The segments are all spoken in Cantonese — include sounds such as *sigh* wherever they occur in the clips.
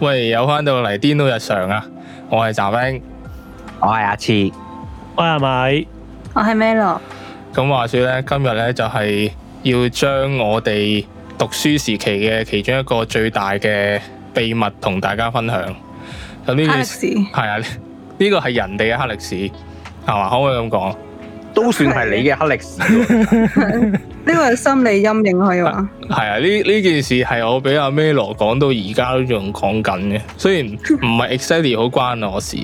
喂，有翻到嚟顛倒日常啊！我係雜兵，我係阿次，我係咪？我係咩羅？咁話說咧，今日咧就係要將我哋讀書時期嘅其中一個最大嘅秘密同大家分享。咁呢件事係啊，呢個係人哋嘅黑歷史，係嘛、這個？可唔可以咁講？都算係你嘅黑歷史。 *laughs* *laughs* 呢個係心理陰影，可以話係啊！呢呢、啊、件事係我俾阿 Melo 講到而家都仲講緊嘅，雖然唔係 exactly 好關我事。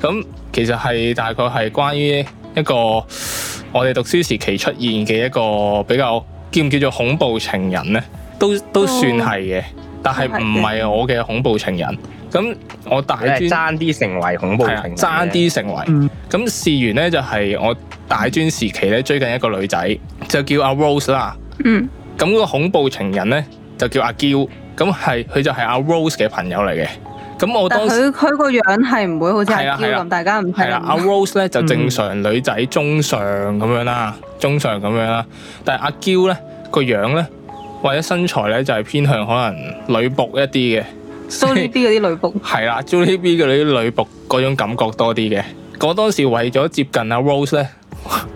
咁 *laughs* 其實係大概係關於一個我哋讀書時期出現嘅一個比較叫唔叫做恐怖情人呢？都都算係嘅，哦、但係唔係我嘅恐怖情人。咁我大專爭啲成為恐怖情人，爭啲、啊、成為。咁、嗯、事緣呢，就係、是、我大專時期咧，追緊一個女仔就叫阿 Rose 啦。嗯。咁個恐怖情人呢，就叫阿嬌，咁係佢就係阿 Rose 嘅朋友嚟嘅。咁我當時但係佢佢個樣係唔會好似阿嬌咁，啊啊、大家唔係啦。阿 Rose 呢，就正常女仔、嗯、中上咁樣啦，中上咁樣啦。但係阿嬌呢，個樣呢，或者身材呢，就係偏向可能女僕一啲嘅。Joey B 嗰啲女僕，係啦 Joey B 嗰啲女僕嗰種感覺多啲嘅。我當時為咗接近阿 Rose 咧，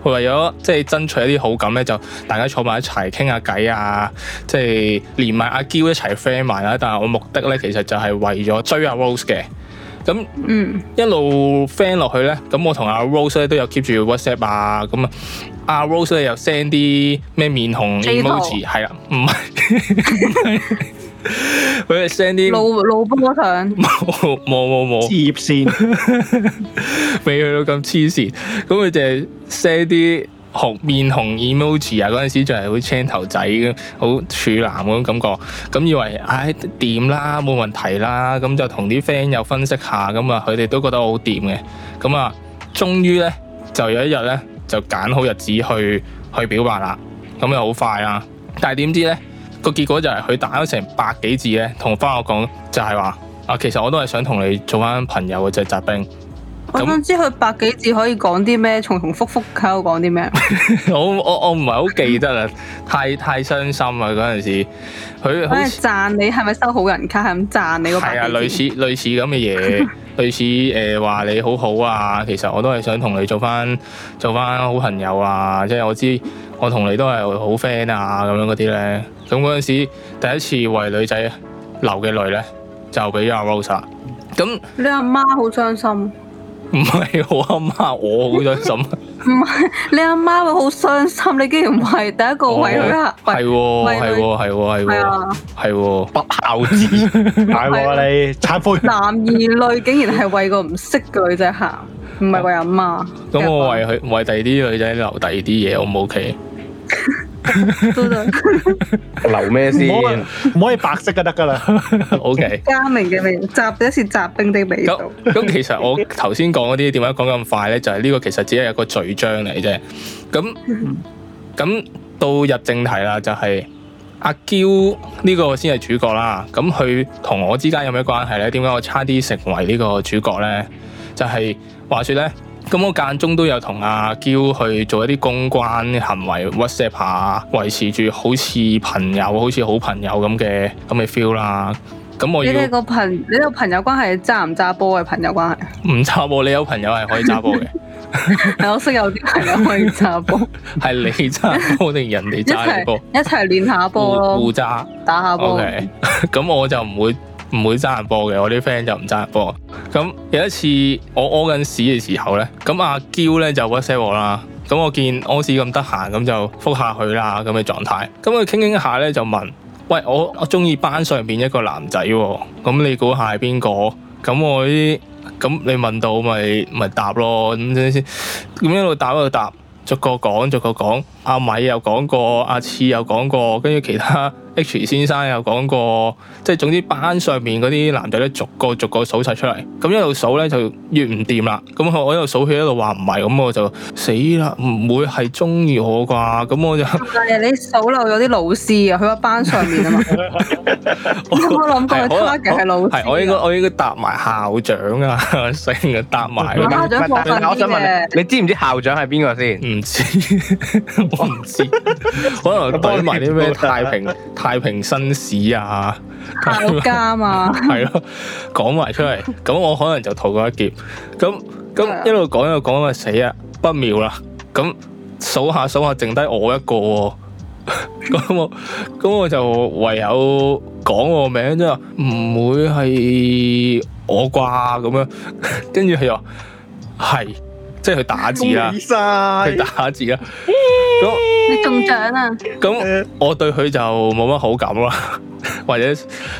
為咗即係爭取一啲好感咧，就大家坐埋一齊傾下偈啊，即係連埋阿嬌一齊 friend 埋啦。但係我的目的咧，其實就係為咗追阿 Rose 嘅。咁，嗯，一路 friend 落去咧，咁我同阿 Rose 咧都有 keep 住 WhatsApp 啊。咁啊，阿 Rose 咧又 send 啲咩面紅 emoji，係啊圖，唔係。 *laughs* *laughs* 佢 send 啲老老波相，冇冇冇冇，黐線，未去到咁黐線，咁佢就 send 啲紅面紅 emoji 啊，嗰陣時就係好青頭仔咁，好處男種感覺，咁以為唉掂、哎、啦，冇問題啦，咁就同啲 friend 又分析下，咁啊，佢哋都覺得好掂嘅，咁啊，終於咧就有一日咧就揀好日子去去表白啦，咁又好快啦，但係點知咧？個結果就係佢打咗成百幾字咧，同翻我講，就係話啊，其實我都係想同你做翻朋友嘅，就係澤兵。我想知佢百幾字可以講啲咩？重重復復喺度講啲咩？我我我唔係好記得啦， *laughs* 太太傷心啊！嗰陣時佢係讚你，係咪收好人卡？係咁讚你個？係啊，類似類似咁嘅嘢，類似誒話、 *laughs* 呃、你好好啊。其實我都係想同你做翻做翻好朋友啊，即係我知。我同你都係好 friend 啊，咁樣嗰啲咧，咁嗰陣時第一次為女仔流嘅淚咧，就俾阿 Rose。咁你阿媽好傷心？唔係我阿媽，我好傷心。唔係 *laughs* 你阿媽會好傷心？你竟然唔係第一個為佢行，係係係係係，係、啊啊啊、不孝子，解我、 *laughs* 啊、 *laughs* 你慘夫。 *laughs* 男兒淚竟然係為個唔識嘅女仔行。唔係話飲啊！咁我為佢吧為第二啲女仔留第二啲嘢，好唔好？OK 留咩先？唔 *laughs* 可以白色就得噶啦。O K。家明嘅味，雜咗是雜兵的味道。咁 *laughs* *laughs* 其實我頭先講嗰啲點解講咁快咧？就係、是、呢個其實只係一個序章嚟啫。咁咁到入正題啦，就係、是、阿嬌呢個先係主角啦。咁佢同我之間有咩關係咧？點解我差啲成為呢個主角咧？就係話説呢，咁我間中都有同阿嬌去做一啲公關行為，WhatsApp 下維持住好似朋友、好似好朋友咁嘅咁嘅 feel 啦。咁我要你哋個朋你哋朋友關係揸唔揸波嘅朋友關係？唔揸喎，你有朋友係可以揸波嘅。係我識有啲朋友可以揸波。係你揸波定人哋揸波？一齊一齊練下波咯，互揸打下波。咁我就唔會。唔會爭人波嘅，我啲 friend 就唔爭人波。咁有一次我屙緊屎嘅時候呢，咁阿嬌呢就 WhatsApp 我啦。咁我見屙屎咁得閒，咁就覆下佢啦咁嘅狀態。咁佢傾傾下呢，就問：喂，我我中意班上邊一個男仔喎，啊？咁你估下係邊個？咁我啲咁你問到咪咪答咯。咁先先咁一路答一路答，逐個講逐個講。阿米又講過，阿次又講過，跟住其他 H 先生又講過，即係總之班上面嗰啲男仔咧，逐個逐個數晒出嚟，咁一路數咧就越唔掂啦。咁我一路數起一路話唔係，咁我就死啦，唔會係中意我啩？咁我就你數漏咗啲老師啊，佢喺班上面啊嘛。 *laughs* *laughs* 我諗個 target 係老師我我我我，我應該我應該答埋校長啊，成 *laughs* 日答埋上。 *laughs* 但校長放曬煙，我想問你，你知唔知校長係邊個先？唔不知。 *laughs* 我唔知， *laughs* 可能對埋啲咩太平 *laughs* 太平紳士啊，大家嘛，係咯， *laughs* 講埋出嚟，咁 *laughs* 我可能就逃過一劫。咁咁一路講一路講，咪死啊，不妙啦！咁數下數下，剩低我一個、哦，咁 *laughs* 我咁我就唯有講我個名啫，唔會係我啩咁樣，跟住佢又係啊，係。即係佢打字啦，佢打字啦。咁 *laughs* 那你中獎啊？咁我對佢就冇乜好感啦，或者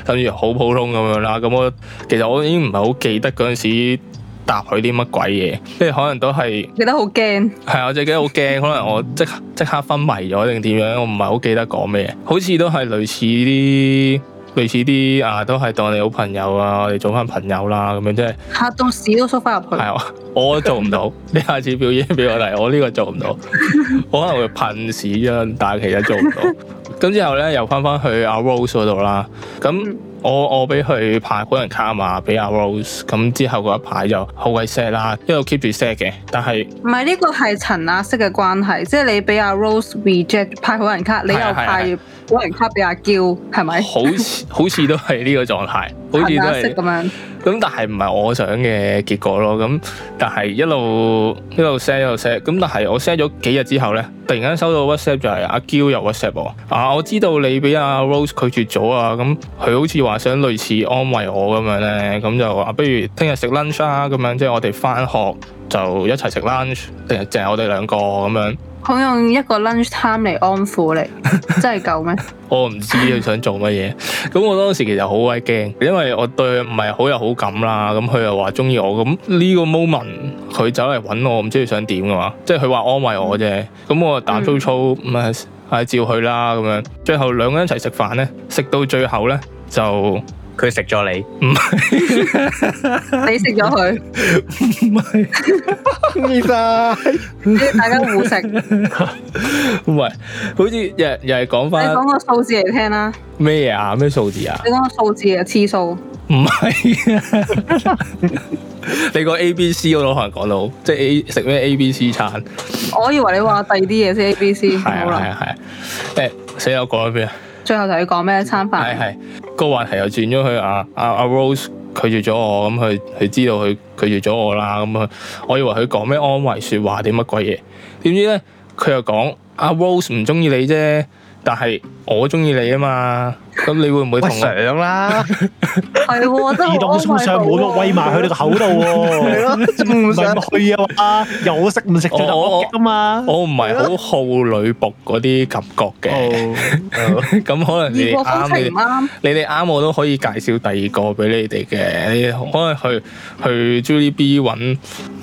甚至好普通咁樣啦。咁我其實我已經唔係好記得嗰陣時答佢啲乜鬼嘢，即係可能都係記得好驚。係啊，記得好驚，可能我即即刻昏迷咗定點樣？我唔係好記得講咩，好似都係類似啲。類似啲啊，都係當你好朋友啊，我哋做翻朋友啦，啊，咁樣即係吓到屎都縮翻入去。係啊，我做唔到， *laughs* 你下次表演俾我嚟。我呢個做唔到， *laughs* *laughs* 我可能會噴屎啫，但係其實做唔到。咁 *laughs* 之後咧，又翻翻去阿 Rose 嗰度啦，咁。嗯我我俾佢派好人卡啊嘛，俾阿 Rose，咁之後一排就好鬼 set 啦，一路 keep 住 set 嘅，但係唔係呢個係陳阿色嘅關係，即係你俾阿 Rose reject 派好人卡， *noise* 你又派來好人卡俾阿嬌，係咪？好似好似都係呢個狀態，好似都係咁樣，咁但係唔係我想嘅結果咯。咁但係一路一路 set 一路 set，咁但係我 set 咗幾日之後咧，突然間收到 WhatsApp 就係阿嬌又 WhatsApp 我啊，我知道你俾阿 Rose 拒絕咗啊，咁佢好似。話想類似安慰我咁樣呢，咁就話不如聽日食 lunch 啊，咁樣即係我哋翻學就一齊食 lunch，定係淨係我哋兩個咁樣。好用一個 lunch time 嚟安撫你， *laughs* 真係夠咩？我唔知佢想做乜嘢。咁 *laughs* 我當時其實好鬼驚，因為我對佢唔係好有好感啦。咁佢又話中意我，咁呢個 moment 佢走嚟揾我，唔知佢想點噶嘛？即係佢話安慰我啫。咁、嗯、我就膽粗粗咁啊照去啦咁樣。最後兩個人一齊食飯呢，食到最後呢。就佢食咗你，唔係 *laughs* 你食咗佢，唔係咩事啊？大家互食，唔係 *laughs* 好似又又係講翻，你講個數字嚟聽啦。咩啊？咩數字啊？你講個數字啊？次數唔係你個 A B C 我可能講到，即係 A 食咩 A B C 餐？我以為你話第二啲嘢先 A B C，係啊係啊係啊。誒、啊啊啊啊欸，死友講咗咩啊？最後就去講咩餐飯，係係個話題又轉咗去啊，啊啊 Rose 拒絕咗我，咁佢佢知道佢拒絕咗我啦，咁啊，我以為佢講咩安慰説話啲乜鬼嘢，點知咧佢又講阿 Rose 唔中意你啫，但係我中意你啊嘛。咁你會唔會唔想啦？係喎，真係好廢。自動送上冇都喂埋去你個口度喎。係咯，唔想去啊嘛？又食唔食咗得嘅嘛？我唔係好好女僕嗰啲感覺嘅，咁可能啱你啱。你哋啱，我都可以介紹第二個俾你哋嘅。可能去去 Judy B 揾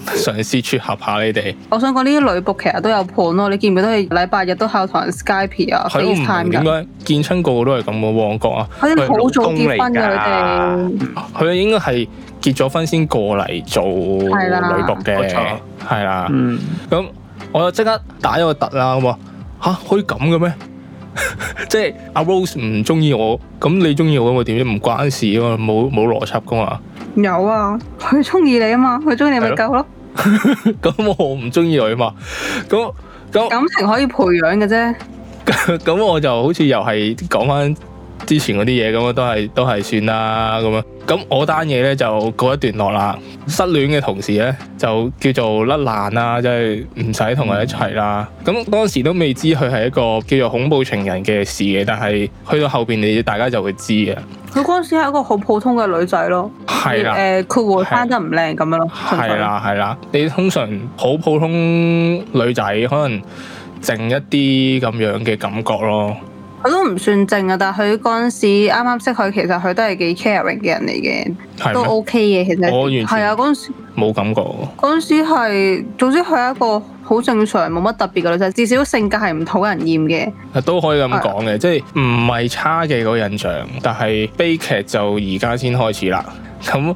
嘗試撮合下你哋。我想講呢啲女僕其實都有盤咯。你見唔見都係禮拜日都靠同人 Skype 啊 FaceTime 人。點解見親個個都係咁嘅喎？旺角啊，佢係好早結婚嘅，佢哋佢應該係結咗婚先過嚟做女僕嘅，係啦，咁我就即刻打咗個突啦，咁啊吓可以咁嘅咩？即係阿 Rose 唔中意我，咁你中意我咁會點啫？唔關事啊嘛，冇冇邏輯噶嘛？有啊，佢中意你啊嘛，佢中意你咪夠咯。咁我唔中意佢啊嘛，咁咁感情可以培養嘅啫。咁我就好似又係講翻。之前嗰啲嘢咁啊，都係都係算啦咁啊。咁我單嘢呢就告一段落啦。失戀嘅同時呢，就叫做甩爛啦，即係唔使同佢一齊啦。咁、嗯、當時都未知佢係一個叫做恐怖情人嘅事嘅，但係去到後邊你大家就會知嘅。佢嗰陣時係一個好普通嘅女仔咯，係啦的，誒佢、呃、會翻得唔靚咁樣咯，係啦係啦。你通常好普通女仔，可能靜一啲咁樣嘅感覺咯。我都唔算正啊，但係佢嗰陣時啱啱識佢，其實佢都係幾 caring 嘅人嚟嘅，嗎都 OK 嘅。其實我完全係啊，嗰陣時冇感覺。嗰陣時係，總之佢係一個好正常、冇乜特別嘅女仔，至少性格係唔討人厭嘅。都可以咁講嘅，的即係唔係差嘅個印象，但係悲劇就而家先開始啦。咁。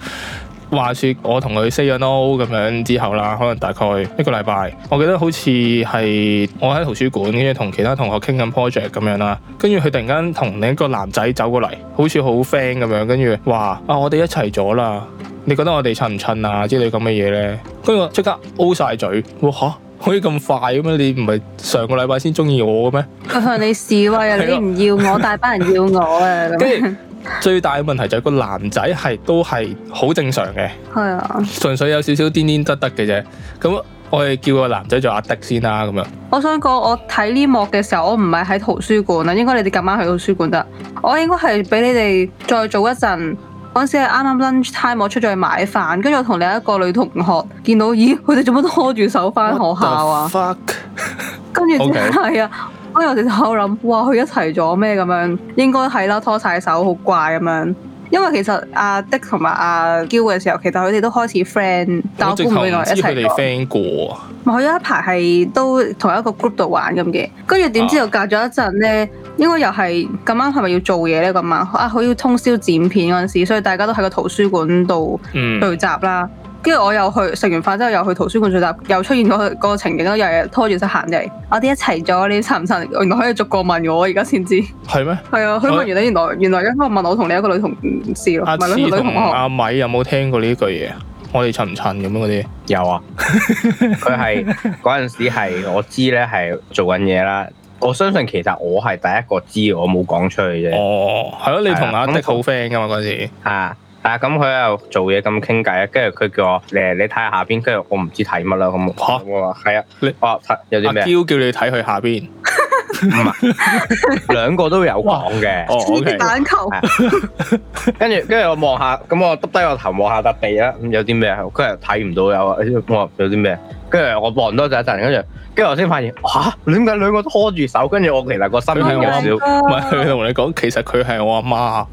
話說我同佢 say 個 no 咁樣之後啦，可能大概一個禮拜，我記得好似係我喺圖書館跟住同其他同學傾緊 project 咁樣啦，跟住佢突然間同另一個男仔走過嚟，好似好 friend 咁樣，跟住話啊我哋一齊咗啦，你覺得我哋襯唔襯啊之類咁嘅嘢咧，跟住我即刻 O 晒嘴，哇、啊、可以咁快嘅咩？你唔係上個禮拜先中意我嘅咩？佢向 *laughs* 你示威啊！你唔要我， *laughs* 大班人要我啊！咁後。 *laughs* 最大嘅問題就係個男仔係都係好正常嘅，係啊的，純粹有少少癲癲得得嘅啫。咁我哋叫個男仔做阿迪先啦，咁樣。我想講，我睇呢幕嘅時候，我唔係喺圖書館啊，應該你哋今晚去圖書館得。我應該係俾你哋再做一陣，嗰陣時係啱啱 lunch time，我出咗去買飯，跟住我同另一個女同學見到，咦，佢哋做乜拖住手返學校啊 What the fuck? *laughs* 跟住真係啊。Okay. 我哋就喺度諗，哇，佢一齊咗咩咁樣？應該係啦，拖晒手，好怪咁樣。因為其實阿迪同埋阿嬌嘅時候，其實佢哋都開始 friend，但我估唔到一齊。我知佢哋 friend 過啊，佢有一排係都同一個 group 度玩咁嘅，跟住點知隔、啊、又隔咗一陣咧，應該又係咁啱，係咪要做嘢咧咁啊？啊，佢要通宵剪片嗰陣時，所以大家都喺個圖書館度聚集啦。嗯跟住我又去食完飯之後又去圖書館聚集，又出現咗個嗰情景咯，日日拖住實行嘅。我哋一齊咗，你襯唔襯？原來可以逐個問我而家先知。係咩嗎？係啊，佢問完你，的原來原來一翻問我同你一個女同事咯，問兩個女同學。阿米有冇聽過呢句嘢？我哋襯唔襯咁樣嗰啲？有啊，佢係嗰陣時係我知咧，係做緊嘢啦。我相信其實我係第一個知，我冇講出去啫。哦，係咯，你同阿迪，好 friend 噶嘛嗰時啊。 *laughs* 啊，咁佢又做嘢咁傾偈啊，跟住佢叫我，誒，你睇下下邊，跟住我唔知睇乜啦，咁我話，係啊，你、啊，哦，睇、啊、有啲咩？阿雕、啊、叫你睇佢下邊，唔係是， *laughs* 兩個都有講嘅，哦，O K，跟住跟住我望下，咁我耷低個頭望下笪地啊，咁、啊、有啲咩佢跟睇唔到又話，我有啲咩？跟住我望多咗一陣，跟住，跟住我先發現，吓、啊，點解兩個拖住手？跟住我其實個心有少，唔係佢同你講，其實佢係我阿媽。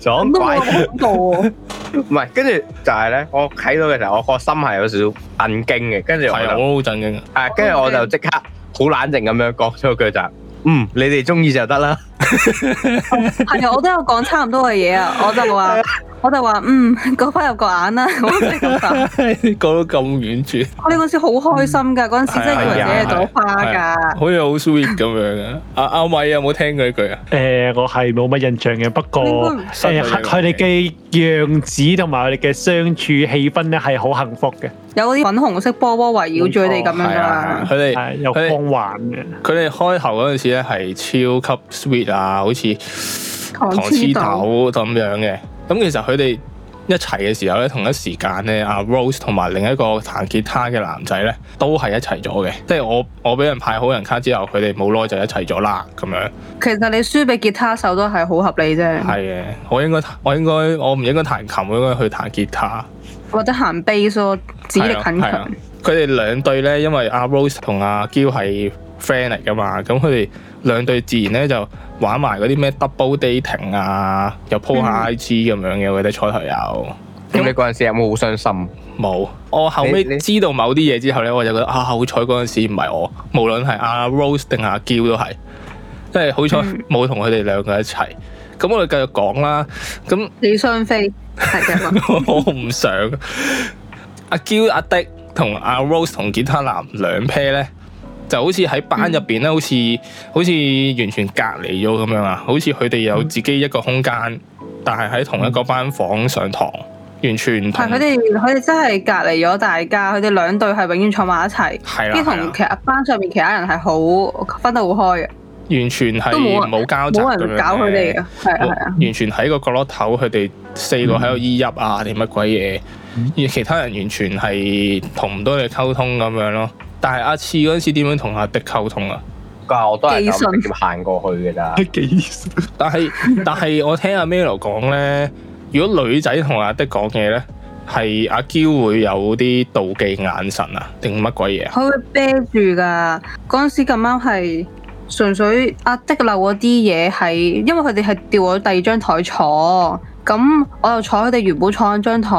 撞 *laughs* 講 *laughs* 怪恐唔係，跟 *laughs* 住就係咧，我睇到嘅時候，我個心係有少少震驚嘅，跟住係啊，我好震驚。係，跟住我就即刻好冷靜咁樣講咗句就，嗯，你哋中意就得啦。係 *laughs* 啊， *laughs* *laughs* 我都有講差唔多嘅嘢啊，我就話。 *laughs* 我就話，嗯，個花入個眼啦，我識咁 *laughs* 講遠，講到咁婉轉。我哋嗰陣時好開心㗎，嗰陣時真係以為自己係朵花㗎，好似好 sweet 咁樣啊！阿阿米有冇聽過呢句啊？誒，我係冇乜印象嘅，不過佢哋嘅樣子同埋佢哋嘅相處氣氛咧係好幸福嘅，有嗰啲粉紅色波波圍繞住佢哋咁樣㗎啦，佢哋係有光環嘅。佢哋、嗯哦啊、開頭嗰陣時咧係超級 sweet 啊，好似糖黐豆咁樣嘅。咁其實佢哋一齊嘅時候咧，同一時間咧，阿 Rose 同埋另一個彈吉他嘅男仔咧，都係一齊咗嘅。即係我我俾人派好人卡之後，佢哋冇耐就一齊咗啦，咁樣。其實你輸俾吉他手都係好合理啫。係嘅，我應該我應該我唔應該彈琴，我應該去彈吉他或者彈貝斯咯，指力很強。佢哋兩對咧，因為阿 Rose 同阿嬌係 friend 嚟噶嘛，咁佢哋。兩隊自然咧就玩埋嗰啲咩 double dating 啊，又 po 下 IG 咁樣嘅，我哋彩頭有，咁、嗯嗯、你嗰陣時有冇好傷心？冇。我後尾知道某啲嘢之後咧，我就覺得啊，好彩嗰陣時唔係我，無論係阿 Rose 定係阿嬌都係，即係好彩冇同佢哋兩個一齊。咁、嗯、我哋繼續講啦。咁你雙飛係嘅。哎、 *laughs* 我唔想阿嬌、阿 Dick 同阿 Rose 同吉他男兩 pair 咧。就好似喺班入邊咧，好似好似完全隔離咗咁樣啊！好似佢哋有自己一個空間，嗯、但係喺同一個班房上堂，完全係佢哋佢哋真係隔離咗大家，佢哋兩隊係永遠坐埋一齊，啲同、啊、其他班上面其他人係好分得好開嘅，完全係冇交集咁樣嘅，係啊係啊，完全喺個角落頭，佢哋四個喺度咿泣啊，點乜鬼嘢？而其他人完全係同唔到你溝通咁樣咯。但係阿次嗰陣時點樣同阿迪溝通啊？個我都係咁行過去嘅咋忌信。技 *laughs* 術。但係但係我聽阿 Melo 講呢， *laughs* 如果女仔同阿迪講嘢呢，係阿嬌會有啲妒忌眼神啊，定乜鬼嘢，啊？佢會啤住㗎。嗰陣時咁啱係純粹阿迪漏嗰啲嘢係，因為佢哋係掉咗第二張台坐，咁我又坐佢哋原本坐緊張台，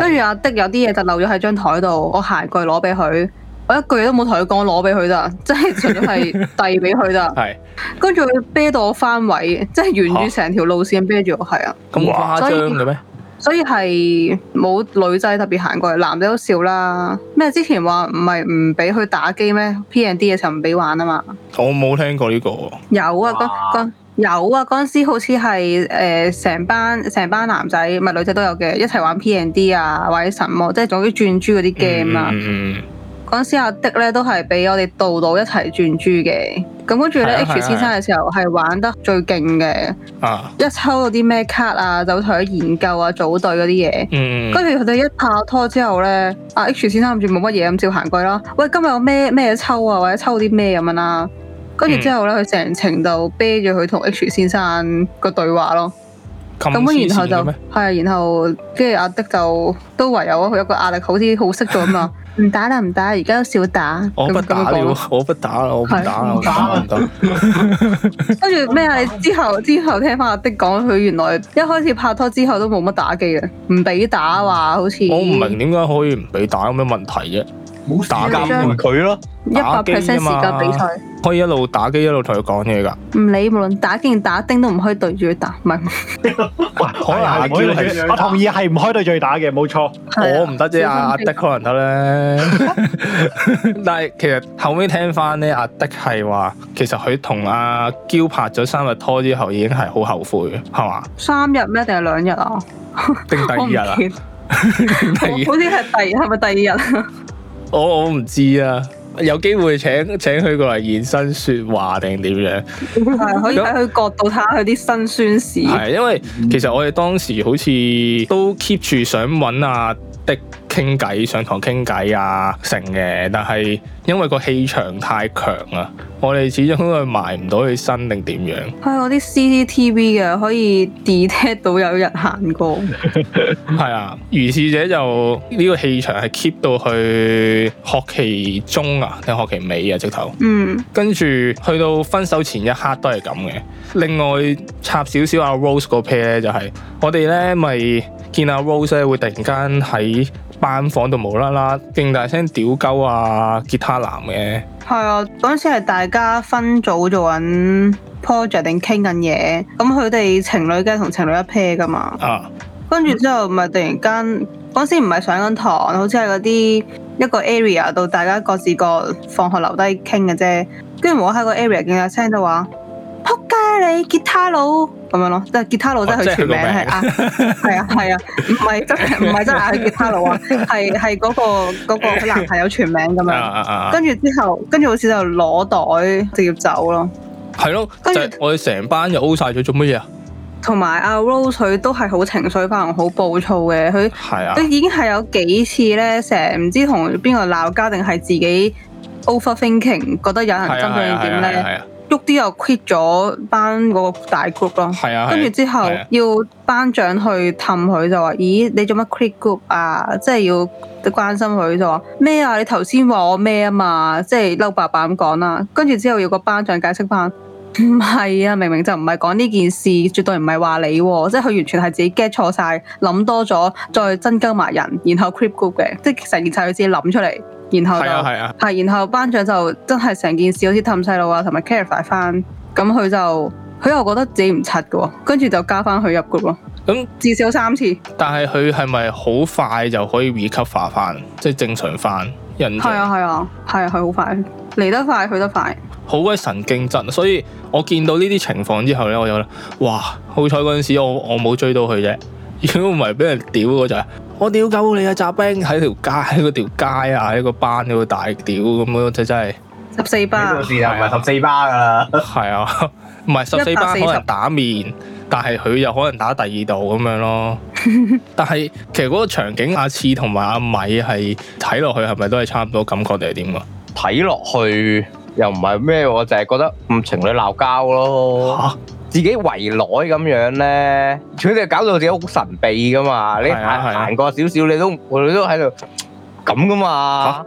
跟住是阿迪有啲嘢就漏咗喺張台度，我行過去攞俾佢。我一句都冇同佢講，攞俾佢咋，即係全部係遞俾佢咋。係 *laughs* 是，跟住佢啤到我翻位，即係沿住成條路線啤住我係啊。咁誇張嘅咩？所以係冇女仔特別行過嚟，男仔都笑啦。咩之前話唔係唔俾佢打機咩？P&D 嘅時候唔俾玩啊嘛。我冇聽過呢、這個有、啊哇。有啊，有啊，嗰陣時好似係誒，成、呃、班成班男仔唔係女仔都有嘅，一齊玩 P&D 啊，或者神魔，即係總之轉珠嗰啲 game 啊。嗰時阿迪咧都係俾我哋度度一齊轉珠嘅，咁跟住咧 H 先生嘅時候係玩得最勁嘅，啊、一抽到啲咩卡啊，就同佢研究啊，組隊嗰啲嘢。跟住佢哋一拍拖之後咧，阿、啊、H 先生諗住冇乜嘢咁照行句咯。喂，今日有咩咩抽啊，或者抽啲咩咁樣啦、啊？跟住、嗯、之後咧，佢成程就啤住佢同 H 先生個對話咯。咁然，然，然後就係然，然後，跟住阿迪就都唯、啊啊、有佢一個壓力好好，好似好識咗啊嘛。唔打啦，唔打，而家都少打。我不打，我不打了，我不打啦是，我不打啦，打唔得。跟住咩啊？你之後之後聽翻阿迪講，佢原來一開始拍拖之後都冇乜打機嘅，唔俾打話，好似我唔明點解可以唔俾打，有咩問題啫？打架對佢咯，一百 percent 時間比賽，可以一路打機一路同佢講嘢噶。唔理無論打機打丁都唔可以對住佢打，唔係？唔可能我同意係唔可以對住佢打嘅，冇錯。我唔得啫，阿阿迪可能得咧。但係其實後尾聽翻咧，阿迪係話，其實佢同阿嬌拍咗三日拖之後，已經係好後悔，係嘛？三日咩？定係兩日啊？定第二日啊？第二？好似係第係咪第二日我我唔知啊，有機會請請佢過嚟現身説話定點樣，係可以喺佢角度睇下佢啲辛酸事。 *laughs* 係因為其實我哋當時好似都 keep 住想揾阿、啊、迪。傾偈上堂傾偈啊，成嘅。但係因為個氣場太強啊，我哋始終都係埋唔到佢身定點樣。係、哎、我啲 CCTV 嘅可以 detect 到有人行過。係 *laughs* *laughs* 啊，如是者就呢、呢個氣場係 keep 到去學期中啊，定學期尾啊，直頭。嗯。跟住去到分手前一刻都係咁嘅。另外插少少阿 Rose 個 pair 就係、係、我哋咧，咪見阿 Rose 咧會突然間喺。班房度無啦啦勁大聲屌鳩啊，吉他男嘅。係啊，嗰陣時係大家分組做緊 project 定傾緊嘢，咁佢哋情侶梗係同情侶一 pair 噶嘛。啊，跟住之後咪突然間，嗰陣、嗯、時唔係上緊堂，好似係嗰啲一個 area 度，大家各自個放學留低傾嘅啫，跟住我喺個 area 勁大聲就話。你吉他佬咁樣咯，即係吉他佬，真係佢全名係啊，係啊係啊，唔係真係唔係真係吉他佬他啊，係係嗰個嗰、嗰個佢男朋友全名咁樣，啊啊、跟住之後，跟住好似就攞袋直接走咯，係咯，跟住我哋成班又 O 晒咗做乜嘢啊？同埋阿 Rose 佢都係好情緒化同好暴躁嘅，佢係啊，佢已經係有幾次咧，成日唔知同邊個鬧交定係自己 overthinking，覺得有人針對佢點咧？喐啲又 quit 咗班嗰個大 group 咯，係啊，跟住之後要班長去氹佢就話：咦，你做乜 quit group 啊？即係要關心佢就話咩啊？你頭先話我咩啊嘛？即係嬲爸爸咁講啦。跟住之後要個班長解釋翻，唔係啊，明明就唔係講呢件事，絕對唔係話你喎、啊，即係佢完全係自己 get 錯晒，諗多咗，再增加埋人，然後 quit group 嘅，即係成件事係佢自己諗出嚟。然後就係啊，係啊，係。然後班長就真係成件事好似氹細路啊，同埋 care 翻。咁佢就佢又覺得自己唔柒嘅喎，跟住就加翻佢入局喎。咁、嗯、至少三次。但係佢係咪好快就可以 recover 翻，即係正常翻人？係啊，係啊，係啊，佢好快，嚟得快去得快。好鬼神經質，所以我見到呢啲情況之後咧，我就咧，哇！好彩嗰陣時我我冇追到佢啫，如果唔係俾人屌嗰陣。我屌鳩你啊，扎兵喺條街，喺嗰條街條條巴啊，喺個班度大屌咁樣，我就真係十四班巴，唔係十四班噶啦，係啊，唔係十四班可能打面，但係佢又可能打第二度咁樣咯。 *laughs* 但係其實嗰個場景，阿次同埋阿米係睇落去是是是，係咪都係差唔多感覺定係點啊？睇落去又唔係咩，我就係覺得唔情侶鬧交咯吓。自己圍內咁樣呢，佢哋搞到自己好神秘㗎嘛。啊、你行過少少、啊啊，你都你都喺度咁㗎嘛。啊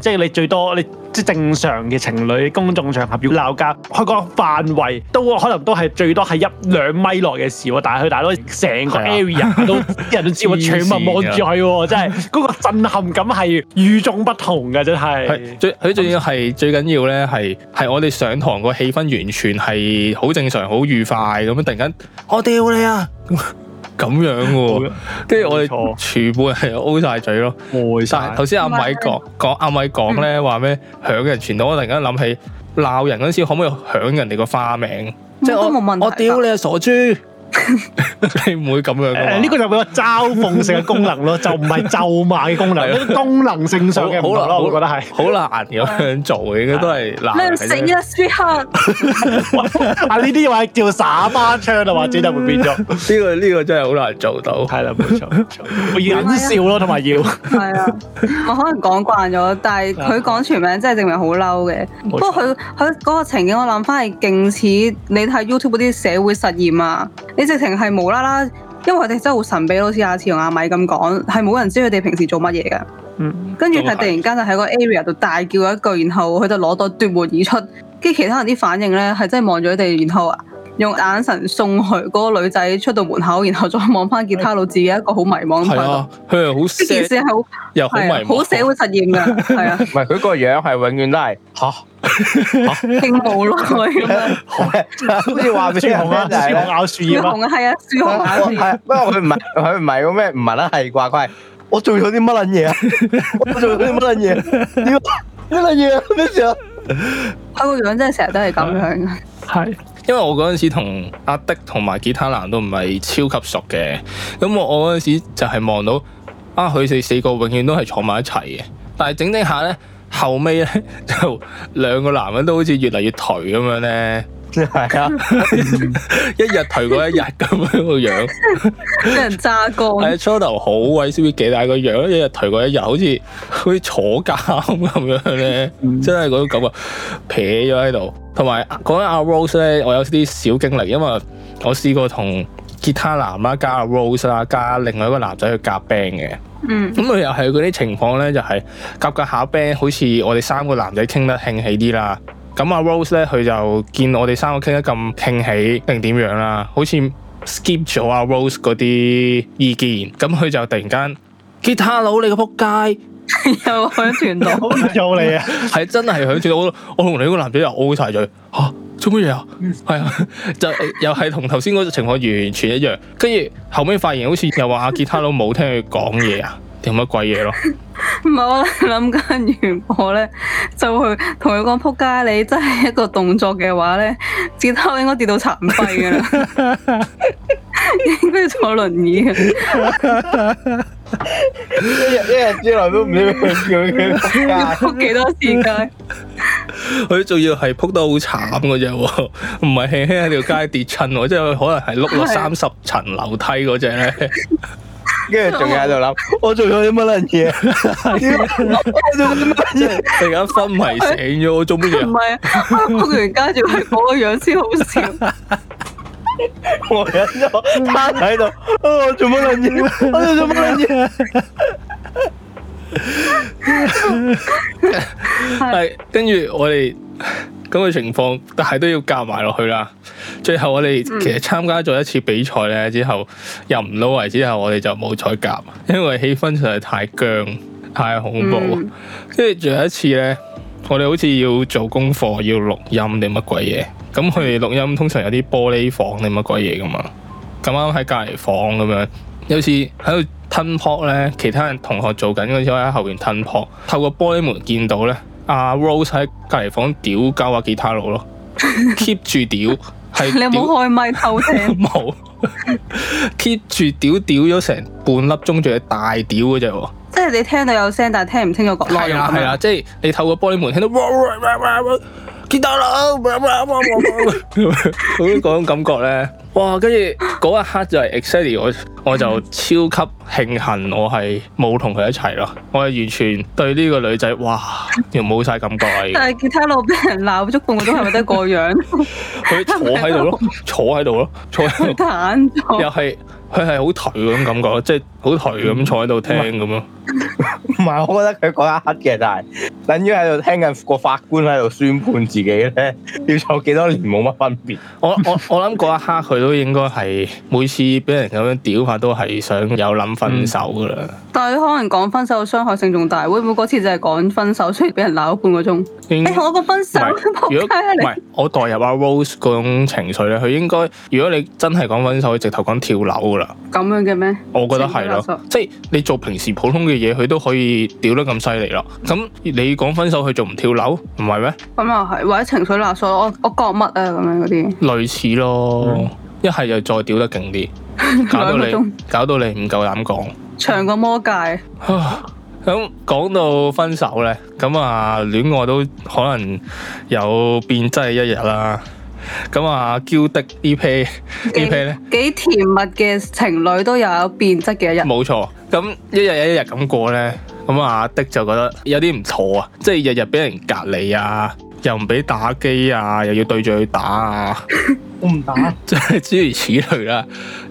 即係你最多，你即係正常嘅情侶，公眾場合要鬧交，佢個範圍都可能都係最多係一兩米內嘅事。但係佢大佬成個 area 都啲 *laughs* 神經病人都知，全部望住佢，真係嗰個震撼感係與眾不同嘅，真係。最佢仲要係最緊要咧，係係 *laughs* 我哋上堂個氣氛完全係好正常、好愉快咁樣，突然間我屌你啊！ *laughs* 咁樣喎、啊，跟住我哋錯全部人係 O 曬嘴咯。錯但頭先阿米講講是阿米講咧話咩響人傳到，我突然間諗起鬧人嗰時候可唔可以響人哋個花名？嗯、即係我問我屌你係、啊、傻豬！你唔會咁樣嘅，呢個就比較嘲諷性嘅功能咯，就唔係咒罵嘅功能。功能性上嘅，好難咁樣做嘅都係難。咁成做嘅都 e e t h e a 啊，呢啲話叫耍花槍啊，或者會變咗？呢個呢個真係好難做到。係啦，冇錯冇錯，要忍笑咯，同埋要係啊，我可能講慣咗，但係佢講全名真係證明好嬲嘅。不過佢佢個情景，我諗翻係勁似你睇 YouTube 嗰啲社會實驗啊。你直情係無啦啦，因為佢哋真係好神秘，好似阿慈同阿米咁講，係冇人知佢哋平時做乜嘢㗎。嗯，跟住佢突然間就喺個 area 度大叫一句，然後佢就攞刀奪門而出，跟住其他人啲反應呢，係真係望住佢哋，然後，用眼神送去嗰個女仔出到門口，然後再望翻其他路，自己一個好迷茫嘅態度。係啊，佢係好，呢件事係好又好，好社會實驗噶，係啊。唔係佢個樣係永遠都係吓吓，驚無奈咁樣，好似話俾書紅聽就係樹紅啊，係啊，樹紅啊，係啊。不過佢唔係，佢唔係個咩唔係啦，係啩？佢係我做咗啲乜撚嘢啊？我做咗啲乜撚嘢？乜撚嘢？咩事啊？佢個樣真係成日都係咁樣嘅，係。因為我嗰陣時同阿迪同埋吉他男人都唔係超級熟嘅，咁我嗰陣時就係望到啊，佢哋四個永遠都係坐埋一齊嘅，但係整整下呢，後尾呢，就兩個男人都好似越嚟越頹咁樣呢。係啊， *laughs* 一日頹過一日咁樣個樣，俾人揸過，初頭好鬼知唔知幾大個樣，一日頹過一日好，好似好似坐監咁樣咧，真係嗰種感覺，撇咗喺度。同埋講緊阿 Rose 咧，我有啲小經歷，因為我試過同吉他男啦、加 Rose 啦、加另外一個男仔去夾 band 嘅，咁佢又係嗰啲情況咧，就是，就係夾夾下 band，好似我哋三個男仔傾得興起啲啦。咁阿、啊、Rose 咧，佢就見我哋三個傾得咁興起，定點樣啦？好似 skip 咗阿、啊、Rose 嗰啲意見，咁佢就突然間吉他佬，你個扑街， *laughs* 又響團隊，又嚟 *laughs* 你啊！係 *laughs* *laughs* 真係響團隊，我我同你嗰個男仔又好晒嘴，吓，做乜嘢啊？係啊， *laughs* *laughs* 就又係同頭先嗰個情況完全一樣，跟住後尾發現好似又話阿吉他佬冇聽佢講嘢啊！調乜鬼嘢咯？唔係我諗緊，完我咧就去同佢講撲街，你真係一個動作嘅話咧，直頭應該跌到殘廢嘅， *laughs* 應該要坐輪椅。一日一日之內都唔知撲幾多次街。佢仲要係撲得好慘嗰隻，唔係輕輕喺條街跌親，即係佢可能係碌落三十層樓梯嗰隻咧。 *laughs* 跟住仲要喺度諗，我做咗啲乜捻嘢？我做咗啲乜嘢？突然間昏迷醒咗，我做乜嘢啊？唔係啊，我突然間仲係嗰個樣先好笑啊！我忍咗，癱喺度，我做乜捻嘢？我做乜捻嘢？係，跟住我哋。咁嘅情況，但係都要夾埋落去啦。最後我哋其實參加咗一次比賽呢，之後入唔到嚟之後，我哋就冇再夾，因為氣氛實在太僵、太恐怖。跟住仲有一次呢，我哋好似要做功課，要錄音定乜鬼嘢？咁佢哋錄音通常有啲玻璃房定乜鬼嘢㗎嘛？咁啱喺隔離房咁樣，有次喺度吞撲呢，其他人同學做緊嗰陣，我喺後邊吞撲，透過玻璃門見到呢。阿 Rose 喺隔籬房屌教下吉他佬咯，keep 住屌係。你有冇開咪偷聽。冇。keep 住屌屌咗成半粒鐘，仲有大屌嘅啫。即係你聽到有聲，但係聽唔清個國。係啦係啦，即係你透過玻璃門聽到。吉他佬，佢嗰種感覺呢？哇！跟住嗰一刻就係 exciting 我就超級慶幸我係冇同佢一齊咯，我係完全對呢個女仔，哇，又冇晒感覺。但係吉他佬俾人鬧足半個鐘都係咪得個樣，佢坐喺度咯，坐喺度咯，坐喺度。彈又係佢係好頹嗰種感覺，即係好頹咁坐喺度聽咁咯。唔係， *laughs* 我覺得佢嗰一刻嘅就係等於喺度聽緊個法官喺度宣判自己咧，要坐幾多年冇乜分別。 *laughs* 我我我諗嗰一刻佢都應該係每次俾人咁樣屌下都係想有諗分手噶啦、嗯。但係可能講分手嘅傷害性仲大，會唔會嗰次就係講分手，該、哎、分手，所以俾人鬧咗半個鐘？我個分手，如果唔係我代入阿 Rose 嗰種情緒咧，佢應該如果你真係講分手，佢直頭講跳樓噶啦。咁樣嘅咩？我覺得係咯，即係 *laughs* 你做平時普通。嘅嘢佢都可以屌得咁犀利啦，咁你講分手佢仲唔跳樓？唔係咩？咁又係或者情緒勒索，我我覺乜啊？咁樣嗰啲類似咯，一係就再屌得勁啲， *laughs* 搞到你搞到你唔夠膽講，長過魔戒。咁講 *laughs* *laughs* 到分手呢，咁啊戀愛都可能有變質嘅一日啦。咁啊嬌滴 A P A P 咧，幾甜蜜嘅情侶都有變質嘅一日，冇錯。咁一日一日咁過呢，咁阿的就覺得有啲唔妥啊，即係日日俾人隔離啊，又唔俾打機啊，又要對住佢打啊，我唔打，即係諸如此類啦，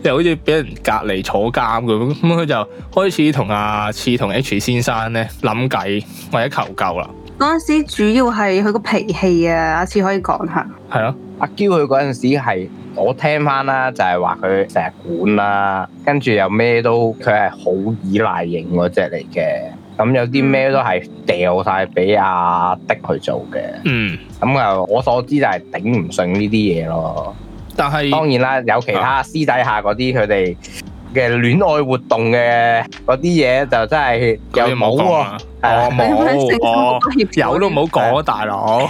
又好似俾人隔離坐監咁，咁佢就開始同阿次同 H 先生呢諗計或者求救啦。嗰陣時主要係佢個脾氣啊，阿次可以講下。係咯、啊。阿嬌佢嗰陣時係，我聽翻啦，就係話佢成日管啦，跟住又咩都，佢係好依賴型嗰隻嚟嘅。咁有啲咩都係掉晒俾阿的去做嘅。嗯。咁啊，我所知就係頂唔順呢啲嘢咯。但係是當然啦，有其他私底下嗰啲佢哋嘅戀愛活動嘅嗰啲嘢，就真係又冇喎。誒，冇，有都唔好講啊，大佬。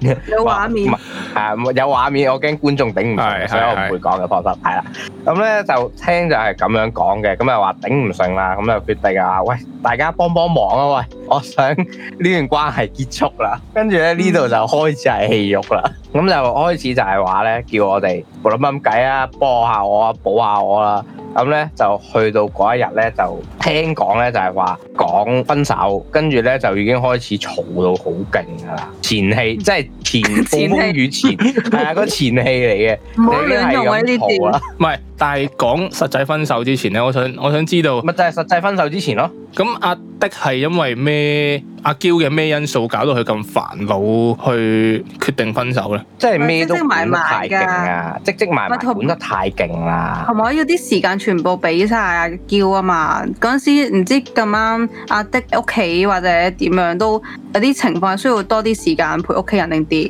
有畫面，係啊，有畫面，我驚觀眾頂唔住，所以我唔會講嘅，放心。係啦，咁咧就聽就係咁樣講嘅，咁又話頂唔順啦，咁又決定啊，喂，大家幫幫忙啊，喂，我想呢段關係結束啦，跟住咧呢度就開始係戲肉啦，咁就開始就係話咧，叫我哋冇諗諗計啊，幫下我啊，補下我啦。咁咧就去到嗰一日咧，就聽講咧就係話講分手，跟住咧就已經開始嘈到好勁㗎喇。前戲即係前，前戲與前係啊，個前戲嚟嘅，唔好亂用嗰啲字。唔係，但係講實際分手之前咧，我想我想知道，咪就係實際分手之前咯。咁阿的係因為咩？阿嬌嘅咩因素搞到佢咁煩惱，去決定分手咧？即係咩都玩得太勁啊，積積埋埋，佢管得太勁啦，係咪要啲時間？全部俾晒阿嬌啊嘛！嗰陣時唔知咁啱阿的屋企或者點樣都有啲情況需要多啲時間陪屋企人定點？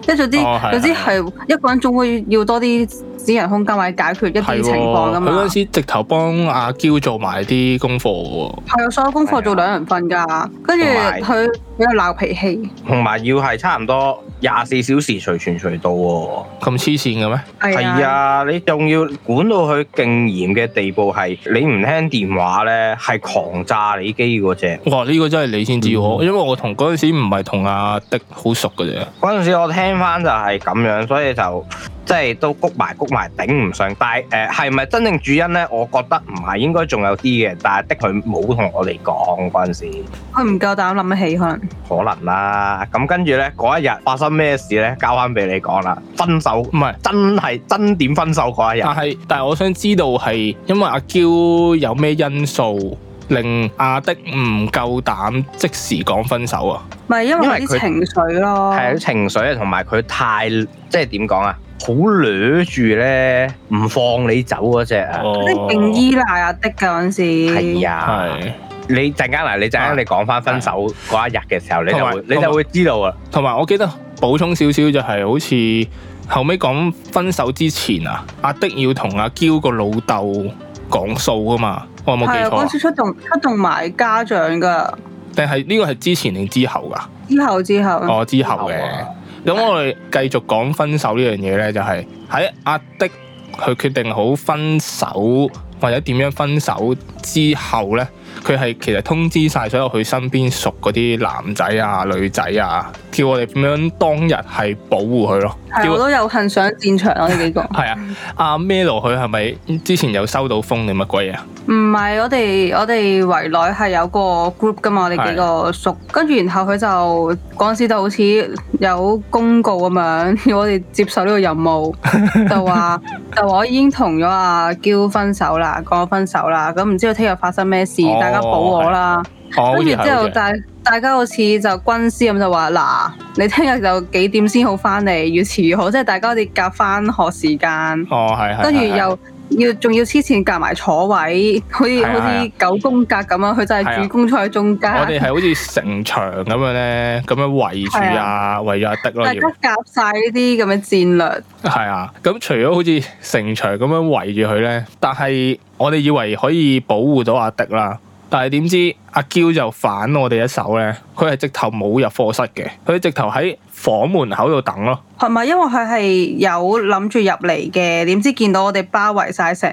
即係、哦、總之、哦、總之係一個人總會要多啲私人空間或者去解決一啲情況咁嘛。佢嗰時直頭幫阿嬌做埋啲功課喎。係啊，所有功課做兩人份噶，跟住佢佢又鬧脾氣，同埋要係差唔多。廿四小時隨傳隨到喎，咁黐線嘅咩？係啊，哎呀，你仲要管到佢勁嚴嘅地步係，你唔聽電話呢係狂炸你機嗰隻。哇！呢、呢個真係你先知喎，嗯、因為我同嗰陣時唔係同阿的好熟嘅啫。嗰陣時我聽返就係咁樣，所以就。即係都谷埋谷埋頂唔上，但係誒係咪真正主因呢？我覺得唔係，應該仲有啲嘅，但係的佢冇同我哋講嗰陣時，佢唔夠膽諗得起，可能可能啦。咁跟住呢，嗰一日發生咩事呢？交翻俾你講啦。分手唔係真係真點分手嗰一日。但係，但係我想知道係因為阿嬌有咩因素令阿的唔夠膽即時講分手啊？咪因為啲情緒咯，係啲情緒啊，同埋佢太即係點講啊？好掠住咧，唔放你走嗰隻啊！嗰啲勁依賴阿的嗰陣時，係啊，啊你陣間嚟，你陣間、啊、你講翻分手嗰一日嘅時候，有你就會你就會知道啊！同埋我記得補充少少就係、是，好似後尾講分手之前啊，阿的要同阿嬌個老豆講數啊嘛，我有冇記錯？啊、出動出動埋家長㗎。定係呢個係之前定之後㗎？之後、oh, 之後啊！哦，之後嘅。咁我哋繼續講分手這件事呢樣嘢咧，就係、是、喺阿的佢決定好分手或者點樣分手之後呢。佢係其實通知晒所有佢身邊熟嗰啲男仔啊、女仔啊，叫我哋咁樣當日係保護佢咯。我都有幸上戰場咯，呢幾個。係啊，阿 Melo 佢係咪之前有收到風定乜鬼嘢啊？唔係，我哋我哋圍內係有個 group 噶嘛，我哋幾個熟，跟住然後佢就嗰陣時就好似有公告咁樣，叫我哋接受呢個任務，就話就我已經同咗阿嬌分手啦，講分手啦，咁唔知佢聽日發生咩事。大家保我啦，跟住之後大大家好似就軍師咁就話嗱，你聽日就幾點先好翻嚟？越遲越好，即係大家我哋夾翻學時間。哦，係。跟住又要仲要黐線夾埋坐位，好似好似九宮格咁啊！佢就係主公坐喺中間，我哋係好似城牆咁樣咧，咁樣圍住啊，圍住阿迪咯。大家夾晒呢啲咁嘅戰略。係啊，咁除咗好似城牆咁樣圍住佢咧，但係我哋以為可以保護到阿迪啦。但係點知阿嬌就反我哋一手咧？佢係直頭冇入課室嘅，佢直頭喺房門口度等咯。係咪因為佢係有諗住入嚟？嘅點知見到我哋包圍晒，成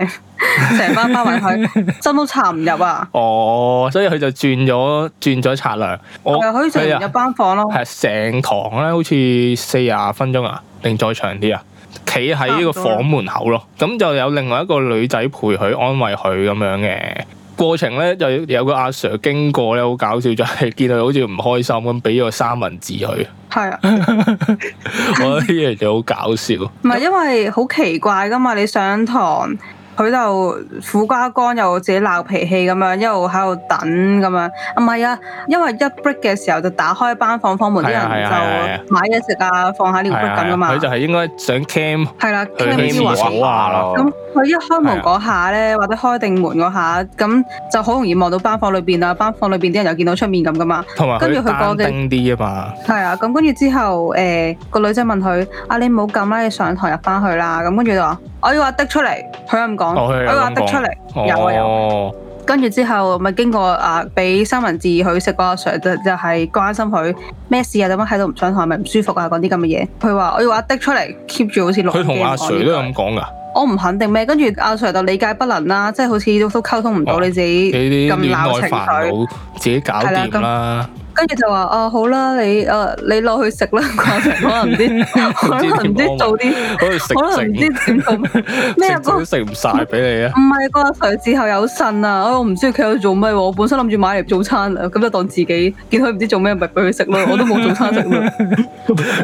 成班包圍佢，針 *laughs* 都插唔入啊！哦，所以佢就轉咗轉咗策略。我佢我就入班房咯。係成堂咧，好似四十分鐘啊，定再長啲啊？企喺呢個房門口咯，咁就有另外一個女仔陪佢安慰佢咁樣嘅。過程咧就有個阿 Sir 經過咧，好搞笑，就係見到佢好似唔開心咁，俾咗個三文治佢。係啊， *laughs* 我覺得呢樣嘢就好搞笑。唔係因為好奇怪噶嘛，你上堂。佢就苦瓜乾又自己鬧脾氣咁樣，一路喺度等咁樣。唔係啊，因為一 break 嘅時候就打開班房房門，啲人就買嘢食啊，放下尿布咁啊嘛。佢就係應該想 cam，係啦，cam 之下咁。佢一開門嗰下咧，或者開定門嗰下，咁就好容易望到班房裏邊啦。班房裏邊啲人又見到出面咁噶嘛。跟住佢個冰啲啊嘛。係啊，咁跟住之後，誒個女仔問佢：啊，你唔好咁，啦，你上堂入翻去啦。咁跟住就。我要阿滴出嚟，佢咁講。哦、我要阿滴出嚟、嗯，有啊有。跟住、哦、之後咪經過啊，俾三文治佢食過阿 Sir 就就係關心佢咩事啊，點樣喺度唔想同係咪唔舒服啊，嗰啲咁嘅嘢。佢話我要阿滴出嚟，keep 住好似落。佢同阿 Sir 都係咁講噶。我唔肯定咩，跟住阿 Sir 就理解不能啦，即係好似都都溝通唔到你自己咁、哦、鬧情緒，自己搞掂啦、嗯。那跟住就話啊，好啦，你啊你落去食啦，可能唔知可能唔知做啲可能唔知點做咩啊，食唔晒俾你啊？唔係個阿 Sir 之後有腎啊，我唔知佢喺度做咩喎？我本身諗住買嚟早餐啊，咁就當自己見佢唔知做咩咪俾佢食咯，我都冇早餐食咯。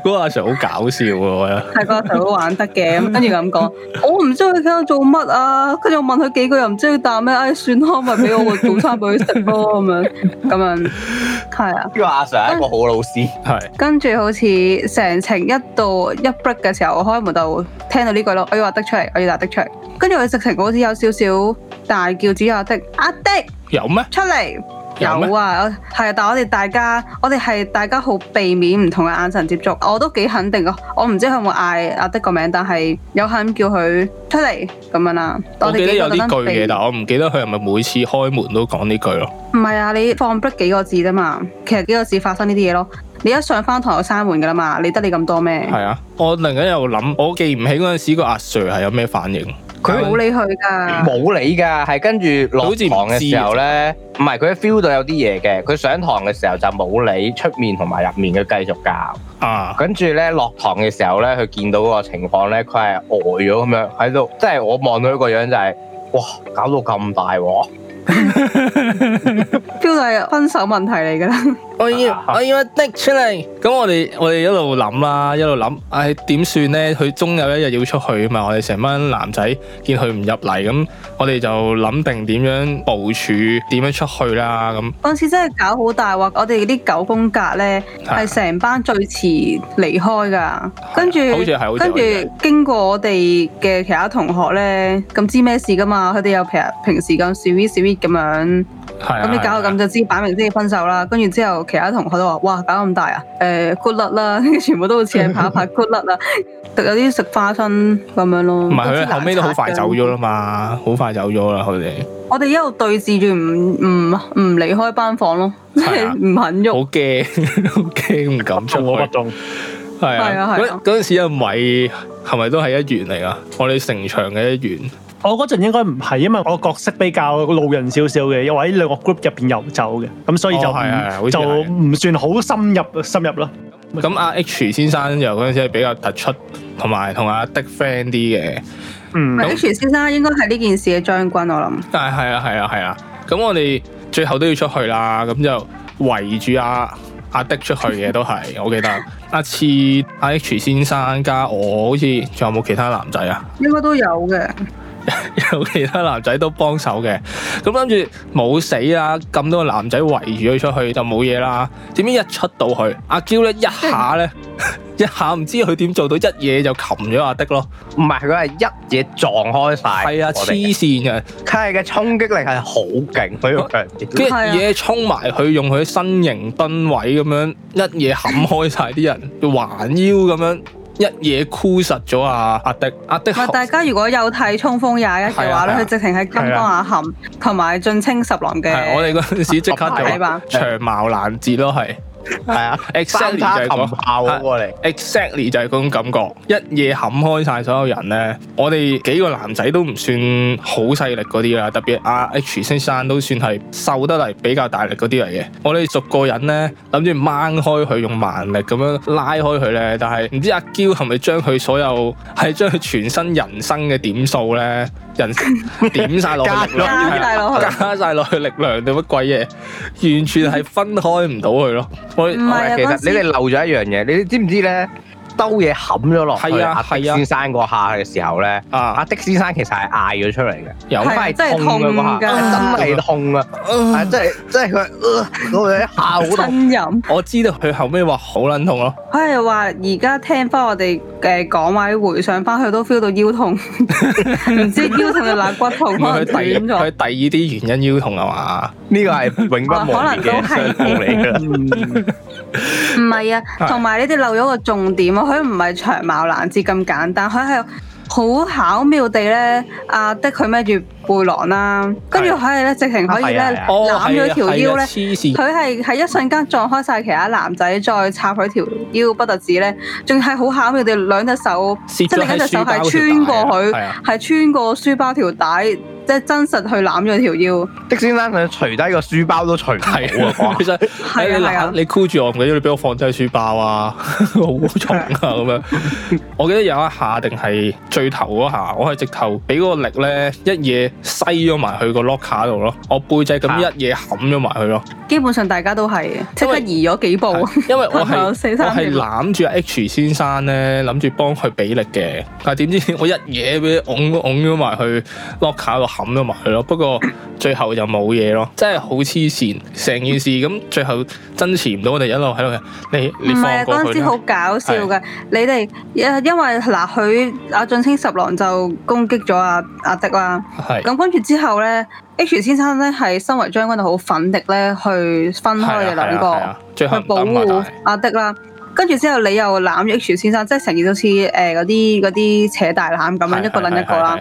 嗰個阿 Sir 好搞笑啊！我係個阿 Sir 好玩得嘅，跟住咁講，我唔知佢喺度做乜啊？跟住我問佢幾個又唔知要答咩？唉，算啦，咪俾我個早餐俾佢食咯，咁樣咁樣係。因為阿 Sir 係一個好老師跟，係是跟住好似成程一到一 break 嘅時候，我開門就聽到呢句咯，我要阿的出嚟，我要阿的出嚟，跟住我直情好似有少少大叫，只要阿阿有的阿的有咩出嚟？有，有啊，係、啊，但係我哋大家，我哋係大家好避免唔同嘅眼神接觸。我都幾肯定咯、啊，我唔知佢有冇嗌阿的個名，但係有肯叫佢出嚟咁樣啦、啊。我記得我有呢句嘅，肥但係我唔記得佢係咪每次開門都講呢句咯。唔係啊，你放不幾個字啫嘛，其實幾個字發生呢啲嘢咯。你一上翻同就閂門㗎啦嘛，你得理得你咁多咩？係啊，我突然間又諗，我記唔起嗰陣時個阿 Sir 係有咩反應。佢冇理佢㗎，冇理㗎，係跟住落堂嘅時候咧，唔係佢 feel 到有啲嘢嘅，佢上堂嘅時候就冇理出面同埋入面嘅繼續教，啊，跟住咧落堂嘅時候咧，佢見到嗰個情況咧，佢係呆咗咁樣喺度，即係我望到佢個樣就係、是，哇，搞到咁大喎、啊！標 *laughs* 題 *laughs* 分手問題嚟噶，我要我要搦出嚟。咁我哋我哋一路諗啦，一路諗。哎，點算呢？佢終有一日要出去嘛。我哋成班男仔見佢唔入嚟，咁我哋就諗定點樣部署，點樣出去啦。咁當時真係搞好大鑊，我哋啲九宮格呢係成、啊、班最遲離開噶。啊、跟住著，跟住著經過我哋嘅其他同學呢，咁知咩事噶嘛？佢哋又平日平時咁咁樣，咁你搞到咁就知擺明先要分手啦。跟住之後，其他同學都話，哇，搞咁大啊！誒，骨甩啦，全部都好似係拍一拍骨甩啊，有啲食花生咁樣咯。唔係佢後尾都好快走咗啦嘛，好快走咗啦，佢哋。我哋一路對峙住，唔唔唔離開班房咯，唔肯喐。好驚，好驚，唔敢出去。係啊係啊，嗰嗰陣時阿米係咪都係一員嚟啊？我哋城牆嘅一員。我嗰陣應該唔係，因為我角色比較路人少少嘅，又喺兩個 group 入邊游走嘅，咁所以就唔、哦、就唔算好深入深入咯。咁阿 H 先生又嗰陣時係比較突出，同埋同阿的 friend 啲嘅。嗯那，H 先生應該係呢件事嘅將軍，我諗。但係啊，係啊，係啊。咁我哋最後都要出去啦，咁就圍住阿阿的出去嘅都係我記得。阿、 *laughs* 啊、次阿 H 先生加我，好似仲有冇其他男仔啊？應該都有嘅。 *laughs* 有其他男仔都幫手嘅，咁跟住冇死啦，咁多個男仔圍住佢出去就冇嘢啦。點知一出到去，阿嬌咧一下咧，一下唔 *laughs* *laughs* 知佢點做到一嘢就擒咗阿的咯。唔係佢係一嘢撞開晒。係啊，黐線嘅，佢係嘅衝擊力係好勁，非常之。一嘢衝埋佢，用佢身形蹲位咁樣一嘢冚開晒啲人，環 *laughs* 腰咁樣。一嘢箍實咗啊！阿迪、啊。阿迪係大家如果有睇《衝鋒廿一》嘅話咧，佢直情係金剛阿含同埋進清十郎嘅、啊，我哋嗰陣時即刻就長矛難治都係、啊。係啊 exactly 就係咁爆過嚟 *laughs* exactly 就係嗰種感覺，一夜冚開晒所有人呢，我哋幾個男仔都唔算好勢力嗰啲啦，特別阿 H 先生都算係瘦得嚟比較大力嗰啲嚟嘅。我哋逐個人呢，諗住掹開佢，用蠻力咁樣拉開佢呢。但係唔知阿嬌係咪將佢所有，係將佢全身人生嘅點數呢？人點晒落去， *laughs* 加曬落去，加曬落去力量，做乜鬼嘢？完全係分開唔到佢咯。唔係 *laughs* 其實你哋漏咗一樣嘢，你哋知唔知咧？兜嘢冚咗落去，阿先生嗰下嘅時候咧，阿的先生其實係嗌咗出嚟嘅，後真係痛嘅嗰下，真係痛啊！真係真係佢，嗰陣一下好痛，我知道佢後尾話好撚痛咯。佢係話而家聽翻我哋嘅講話，回想翻佢都 feel 到腰痛，唔知腰痛定肋骨痛？佢第二啲原因腰痛啊嘛？呢個係永不可能嘅傷痛嚟嘅。唔係 *laughs* 啊，同埋你哋漏咗個重點啊！佢唔係長矛難接咁簡單，佢係好巧妙地呢。啊，的佢咩住？背囊啦，跟住佢係咧，直情可以咧攬咗條腰咧。黐線。佢係喺一瞬間撞開晒其他男仔，再插佢條腰不特止咧，仲係好巧佢哋兩隻手，即係另一隻手係穿過佢，係穿過書包條帶，即係真實去攬咗條腰。的先生你除低個書包都除低到啊！真係啊係啊！你箍住我，唔緊要你俾我放低書包啊，好重啊咁樣。我記得有一下定係最頭嗰下，我係直頭俾嗰個力咧一嘢。塞咗埋去個 locker 度咯，我背脊咁一嘢冚咗埋去咯。基本上大家都係即刻移咗幾步，因為， *laughs* 因為我係 *laughs* 我係攬住阿 H 先生咧，諗住幫佢俾力嘅，但係點知我一嘢俾擁擁咗埋去 locker 度冚咗埋佢咯。不過最後就冇嘢咯，真係好黐線，成 *laughs* 件事咁最後爭持唔到，我哋一路喺度，你唔係嗰陣時好搞笑嘅，是你哋因因為嗱，佢阿俊清十郎就攻擊咗阿阿迪啦、啊，咁跟住之後咧。H 先生呢，係身為將軍粉，好奮力咧去分開嘅兩個，啊啊啊、去保護阿的啦。是跟住之後，你又攬住 H 先生，即係成件都嗰啲嗰啲扯大纜咁樣，啊、一個拎一個啦。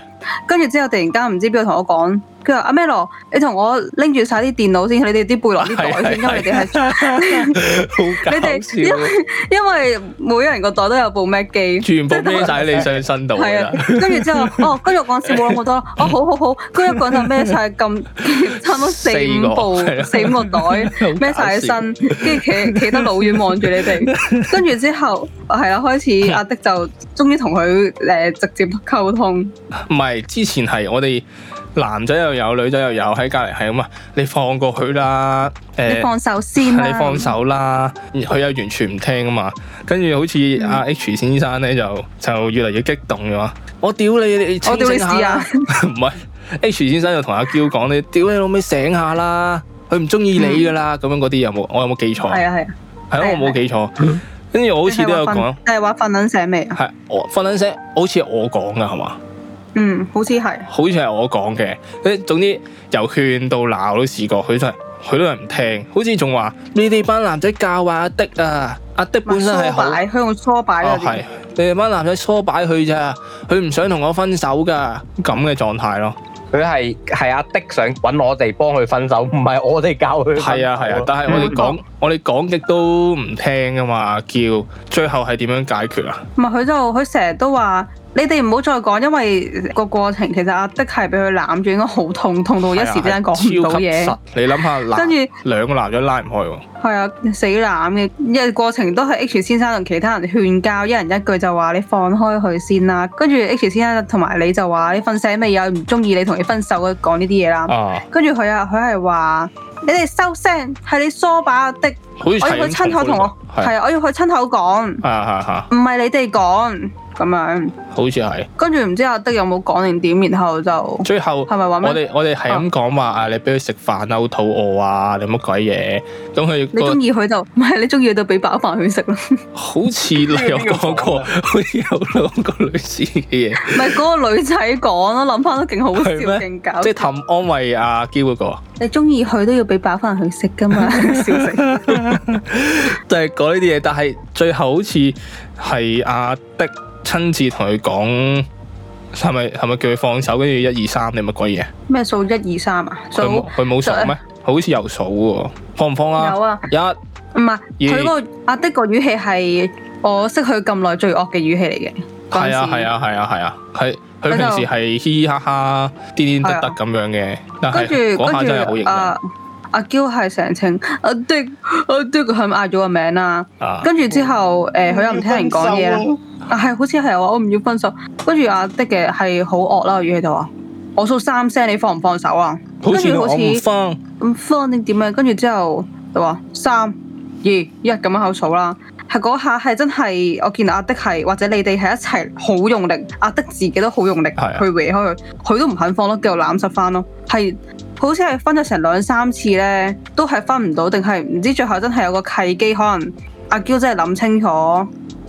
跟住之後突然間唔知邊個同我講，佢話阿 Melo 你同我拎住晒啲電腦先，你哋啲背囊啲袋，先，因為你哋係， *laughs* *laughs* 你哋，因為因為每個人個袋都有部 Mac 機，全部孭曬你上身度啦。啊，跟住之後， *laughs* 哦，跟住講笑冇諗好多哦，好好好，跟住一講就孭晒咁差唔多四五部、四五個袋孭晒喺身 *laughs* 望望，跟住企企得老遠望住你哋，跟住之後係啊，開始阿的、啊、就終於同佢誒直接溝通，唔係。之前係我哋男仔又有女仔又有喺隔籬，係咁啊！你放過佢啦，誒、呃，你放手先，你放手啦，佢又完全唔聽啊嘛！跟住好似阿 H 先生咧，就就越嚟越激動嘅話，嗯、我屌你，你我屌你屎啊！唔係 *laughs* H 先生就同阿嬌講，你屌你老味醒下啦，佢唔中意你噶啦。咁、嗯、樣嗰啲有冇？我有冇記錯？係啊係啊，係啊，啊，啊，我冇記錯。啊啊、 *laughs* 跟住我好似都有講，係話瞓緊醒未啊？係、嗯、 *laughs* *laughs* 我瞓緊醒，啊、好似我講噶係嘛？嗯，mm, 好似係，好似係我講嘅。誒，總之由勸到鬧都試過，佢真係佢都係唔聽。好似仲話你哋班男仔教壞阿的啊，阿的本身係好，佢用搓擺，哦、你哋班男仔搓擺佢咋，佢唔想同我分手噶咁嘅狀態咯。佢係係阿的想搵我哋幫佢分手，唔係我哋教佢。係啊係啊，啊 *laughs* 但係我哋講 informação 我哋講極都唔聽啊嘛，叫最後係點樣解決啊？唔係佢就佢成日都話。你哋唔好再講，因為個過程其實阿的係俾佢攬住，應該好痛，痛到一時之間講唔到嘢。你諗下，跟住兩個男仔拉唔開喎。係啊，死攬嘅，因為過程都係 H 先生同其他人勸交，一人一句就話你放開佢先啦。跟住 H 先生同埋你就話你瞓醒未？有唔鍾意你同你分手嘅講呢啲嘢啦。哦。跟住佢啊，佢係話你哋收聲，係你梳把阿的。我要佢親口同我，係啊，我要佢親口講。啊啊啊！唔係你哋講！咁樣，好似係。跟住唔知阿德有冇講定點，然後就最後係咪話咩？我哋我哋係咁講話啊！你俾佢食飯啊，好肚餓啊，你乜鬼嘢？咁佢你中意佢就唔係你中意佢都俾飽飯佢食咯。好似你有講過，好似有兩個女士嘅嘢。唔係嗰個女仔講咯，諗翻都勁好笑勁搞笑。即係氹安慰阿嬌嗰個。你中意佢都要俾飽飯佢食噶嘛？笑死！就係講呢啲嘢，但係最後好似係阿德。親自同佢講，係咪係咪叫佢放手？跟住一二三，你乜鬼嘢？咩數一二三啊？佢冇數咩？好似有數喎，放唔放啊？有啊，一唔係佢個阿的個語氣係我識佢咁耐最惡嘅語氣嚟嘅。係啊係啊係啊係啊，係佢平時係嘻嘻哈哈、癲癲得得咁樣嘅，但係嗰下真係好型。阿嬌係成程，阿迪，阿迪係咪嗌咗個名啊？跟住之後誒佢又唔聽人講嘢，係、啊啊、好似係話我唔要分手。跟住阿迪嘅係好惡啦，語氣就話我數三聲，你放唔放手啊？跟住好似唔放唔放定點啊？跟住之後就話三二一咁樣口數啦。係嗰下係真係我見阿迪係，或者你哋係一齊好用力，阿、啊、迪自己都好用力、啊、去搲開佢，佢都唔肯放咯，繼續攬實翻咯，係。好似係分咗成兩三次呢，都係分唔到，定係唔知最後真係有個契機，可能阿嬌真係諗清楚，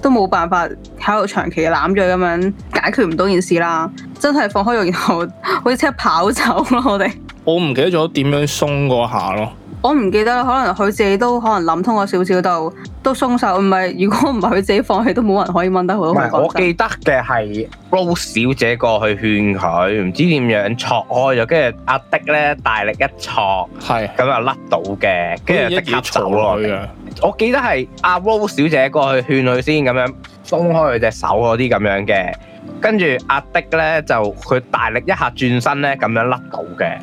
都冇辦法喺度長期攬住咁樣解決唔到件事啦，真係放開佢，然後好似即刻跑走咯，我哋我唔記得咗點樣鬆嗰下咯。我唔記得啦，可能佢自己都可能諗通咗少少，就都鬆手。唔係，如果唔係佢自己放棄，都冇人可以問得佢。唔係，我記得嘅係 Rose 小姐過去勸佢，唔知點樣錯開咗，跟住阿的咧大力一錯，係咁是是就甩到嘅。跟住的幾粗啊！我記得係阿 Rose 小姐過去勸佢先，咁樣鬆開佢隻手嗰啲咁樣嘅，跟住阿的咧就佢大力一下轉身咧，咁樣甩到嘅。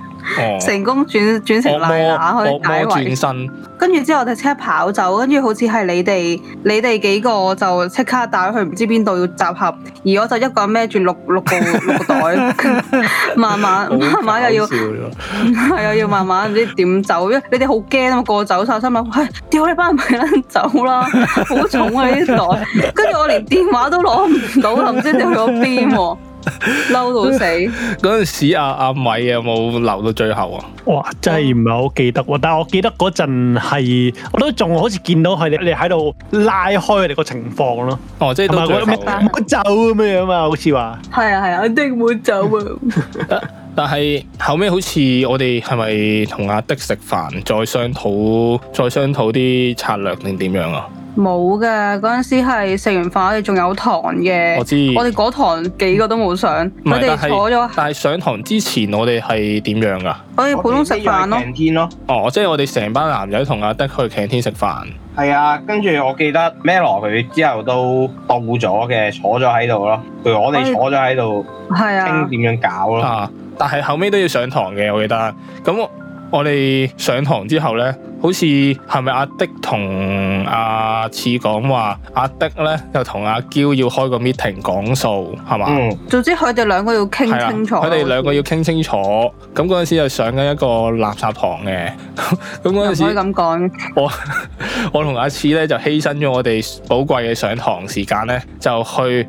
成功轉轉成麗娜去解圍，跟住之後我哋即刻跑走，跟住好似係你哋你哋幾個就即刻帶去唔知邊度要集合，而我就一個人孭住六六個六個袋， *laughs* 慢慢 *laughs* 慢慢又要係、這個、 *laughs* 又要慢慢唔知點走，因為你哋好驚啊嘛，過走晒，心諗喂，屌、哎、你班人咪撚走啦，好 *laughs* *laughs* 重啊呢啲袋，跟住我連電話都攞唔到，唔知你去邊喎、啊。嬲到死！嗰陣 *laughs* 時阿阿、啊啊、米有冇留到最後啊？哇，真係唔係好記得喎，但係我記得嗰陣係，我都仲好似見到佢哋，你喺度拉開佢哋個情況咯。哦，即係同埋嗰咁樣啊嘛，好似話係啊係啊，啊一定會走啊！ *laughs* *laughs* 但係後尾好似我哋係咪同阿的食飯，再商討，再商討啲策略定點樣啊？冇嘅，嗰陣時係食完飯，我哋仲有堂嘅。我知。我哋嗰堂幾個都冇上。我哋 *laughs* 是坐咗。但係上堂之前我，我哋係點樣噶？我哋普通食飯咯。晴天咯。哦，即係我哋成班男仔同阿德去晴天食飯。係啊，跟住我記得 Melo 佢之後都到咗嘅，坐咗喺度咯。譬如我哋坐咗喺度係啊，點樣搞咯。但係後尾都要上堂嘅，我記得。咁我哋上堂之後呢，好似係咪阿迪同阿次講話？阿迪呢又同阿嬌要開個 meeting 講數，係嘛？嗯，總之佢哋兩個要傾清楚。佢哋兩個要傾清楚。咁嗰陣時又上緊一個垃圾堂嘅。咁嗰陣時又唔可以咁講。我我同阿次呢就犧牲咗我哋寶貴嘅上堂時間呢，就去。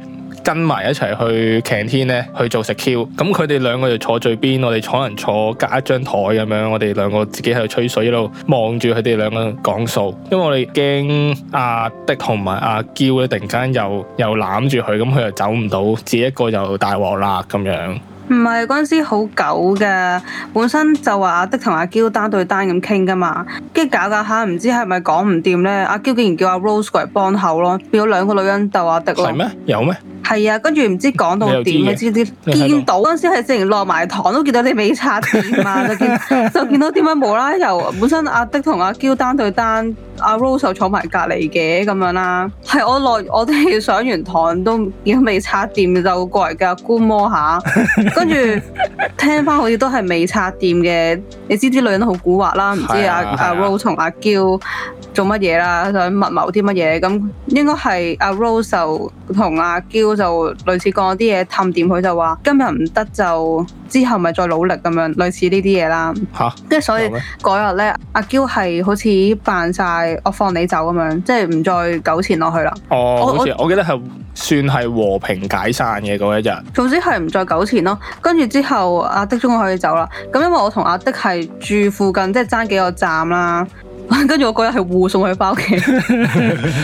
跟埋一齊去 Canteen 咧去做食 Q，咁佢哋兩個就坐最邊，我哋可能坐，人坐隔一張台咁樣，我哋兩個自己喺度吹水一路望住佢哋兩個講數，因為我哋驚阿迪同埋阿嬌咧突然間又又攬住佢，咁佢又走唔到，自己一個又大鑊啦咁樣。唔係嗰陣時好久嘅，本身就話阿迪同阿嬌單對單咁傾㗎嘛，跟住搞搞下，唔知係咪講唔掂咧？阿嬌竟然叫阿 Rose 過嚟幫口咯，變咗兩個女人鬥阿迪咯。係咩？有咩？係啊，跟住唔知講到點，你知，你知唔知？見到嗰陣到到時係直情落埋堂都見到你未擦掂啊。就見就見到點解冇啦由本身阿迪同阿嬌單對單，阿 Rose 就坐埋隔離嘅咁樣啦、啊。係我落我哋上完堂都見到未擦掂，就過嚟㗎觀摩下。 *laughs* 跟住 *laughs* 聽翻，好似都係未拆掂嘅。你知啲女人都好古惑啦？唔知阿阿、啊啊啊啊、Rose 同阿嬌，做乜嘢啦？想密謀啲乜嘢？咁應該係阿 Rose 就同阿嬌就類似講啲嘢氹掂佢，就話今日唔得，就之後咪再努力咁樣類似呢啲嘢啦。吓哈？跟住所以嗰日咧，阿嬌係好似扮晒「我放你走」咁樣，即係唔再糾纏落去啦。哦，好似我，我，我記得係算係和平解散嘅嗰一日。總之係唔再糾纏咯。跟住之後，阿的終於可以走啦。咁因為我同阿的係住附近，即係爭幾個站啦。跟住我嗰日係護送佢返屋企。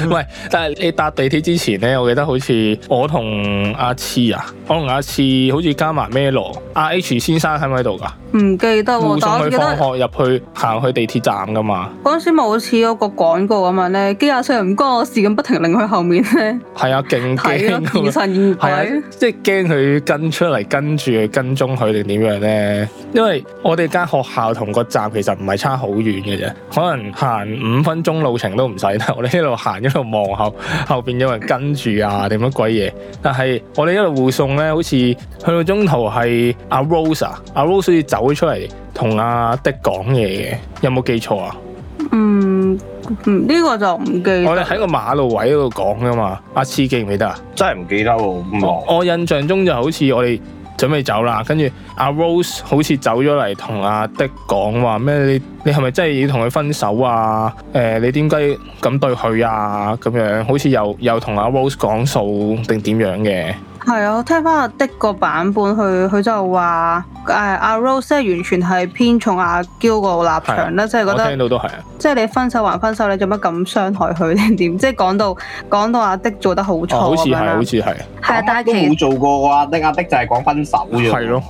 喂，但係你搭地鐵之前咧，我記得好似我同阿黐啊，我同阿黐好似加埋咩羅阿 H 先生喺唔喺度㗎？唔記，記得。護送佢放學入去行去地鐵站㗎嘛？嗰陣時咪好似有個廣告咁樣咧，幾廿歲又唔關我事咁，不停擰佢後面咧。係啊，勁驚！疑 *laughs* 神疑鬼，即係驚佢跟出嚟跟住佢跟蹤佢定點樣咧？因為我哋間學校同個站其實唔係差好遠嘅啫，可能。行五分鐘路程都唔使，我哋一路行一路望後後邊有人跟住啊，定乜鬼嘢？但係我哋一路護送呢，好似去到中途係阿 Rose，阿 Rose 好似走咗出嚟同阿的講嘢嘅，有冇記錯啊？嗯呢、嗯這個就唔記得。我哋喺個馬路位嗰度講噶嘛，阿、啊、痴，記唔記得啊？真係唔記得喎，嗯、我印象中就好似我哋。準備走啦，走，跟住阿 Rose 好似走咗嚟同阿的講話咩？你你係咪真係要同佢分手啊？誒、呃，你點解咁對佢啊？咁樣好似又又同阿 Rose 講數定點樣嘅？係啊，我聽翻阿迪的個版本，佢佢就話誒阿 Rose 即係完全係偏重阿嬌個立場啦，的即係覺得聽到即係你分手還分手，你做乜咁傷害佢點？即係講到講到阿迪做得錯、哦、好錯咁樣好似係啊，但係的都冇做過啩？阿迪阿迪就係講分手係咯。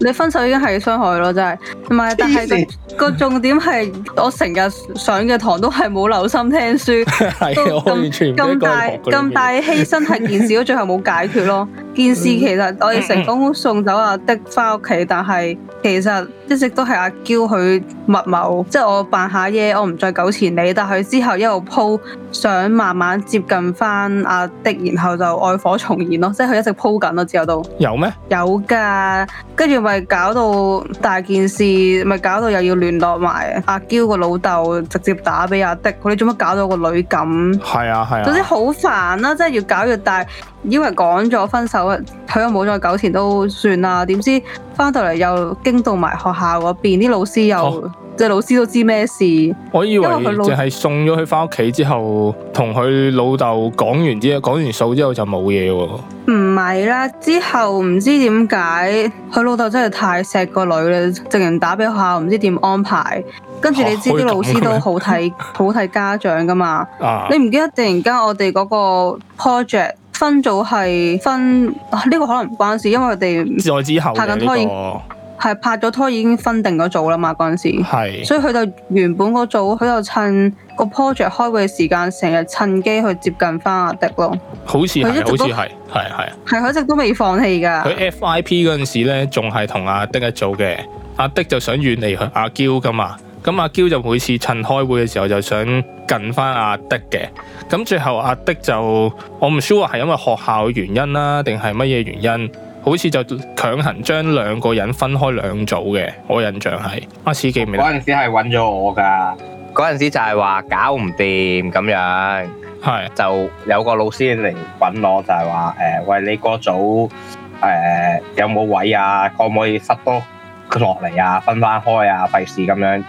你分手已經係傷害咯，真係。唔係，但係個重點係我成日上嘅堂都係冇留心聽書，係啊 *laughs* 都，咁、 *laughs* 嗯、大咁大嘅犧牲係件事，都最後冇解決咯。件 *laughs* 事、嗯嗯、其實我哋成功送走阿迪翻屋企，但係其實一直都係阿嬌佢密謀，即、就、係、是、我扮下嘢，我唔再糾纏你。但係之後一路鋪，想慢慢接近翻阿迪，然後就愛火重燃咯，即係佢一直鋪緊咯，之後都有咩嗎？有噶，跟住。咪搞到大件事，咪搞到又要聯絡埋阿嬌個老豆，直接打俾阿迪佢，你做乜搞到個女咁？係啊係啊，啊總之好煩啦，真係越搞越大。以為講咗分手，佢又冇再糾纏都算啦，點知翻到嚟又驚動埋學校嗰邊啲老師又、哦。即係老師都知咩事，我以為淨係送咗佢翻屋企之後，同佢老豆講完之後，講完數之後就冇嘢喎。唔係啦，之後唔知點解佢老豆真係太錫個女啦，直情打俾學校唔知點安排。跟住你知啲、啊、老師都好睇，好睇家長噶嘛。 *laughs* 啊、你唔記得突然間我哋嗰個 project 分組係分呢、啊這個可能唔關事，因為我哋再之後，拍緊拖係拍咗拖已經分定咗組啦嘛，嗰陣時，是所以佢就原本嗰組，佢就趁個 project 開會嘅時間，成日趁機去接近翻阿迪咯。好似係，好似係，係啊，係啊，係佢一直都未放棄㗎。佢 FIP 嗰陣時咧，仲係同阿迪一組嘅，阿迪就想遠離阿阿嬌㗎嘛，咁阿嬌就每次趁開會嘅時候就想近翻阿迪嘅，咁最後阿迪就我唔 sure 係因為學校原因啦，定係乜嘢原因？好似就強行將兩個人分開兩組嘅，我印象係阿司機咪嗰陣時係揾咗我㗎，嗰陣時就係話搞唔掂咁樣，係是就有個老師嚟揾我，就係話誒，喂、欸、你個組、欸、有冇位啊？可唔可以塞多佢落嚟啊？分翻開啊，費事咁樣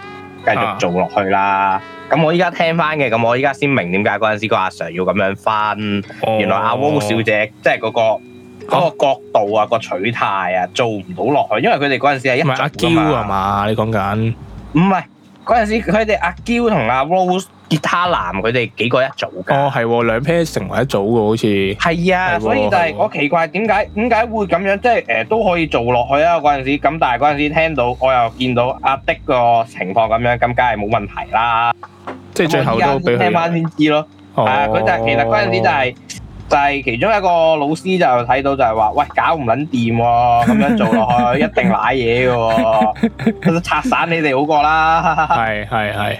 繼續做落去啦。咁、啊、我依家聽翻嘅，咁我依家先明點解嗰陣時嗰個阿 Sir 要咁樣分，哦、原來阿 W 小姐即係嗰個。嗰個角度啊，個取態啊，做唔到落去，因為佢哋嗰陣時係一組啊嘛。阿嬌啊嘛，你講緊？唔係嗰陣時，佢哋阿嬌同阿 Rose 吉他男佢哋幾個一組㗎。哦，係喎，兩 pair 成為一組嘅好似。係啊，所以就係我奇怪點解點解會咁樣？即係誒都可以做落去啊！嗰陣時咁，但係嗰陣時聽到我又見到阿的個情況咁樣，咁梗係冇問題啦。即係最後都要聽翻先知咯。係啊，佢就係其實嗰陣時就係。就係其中一個老師就睇到就係話，喂，搞唔捻掂喎，咁樣做落去一定瀨嘢嘅，咁拆散你哋好過啦。係係係，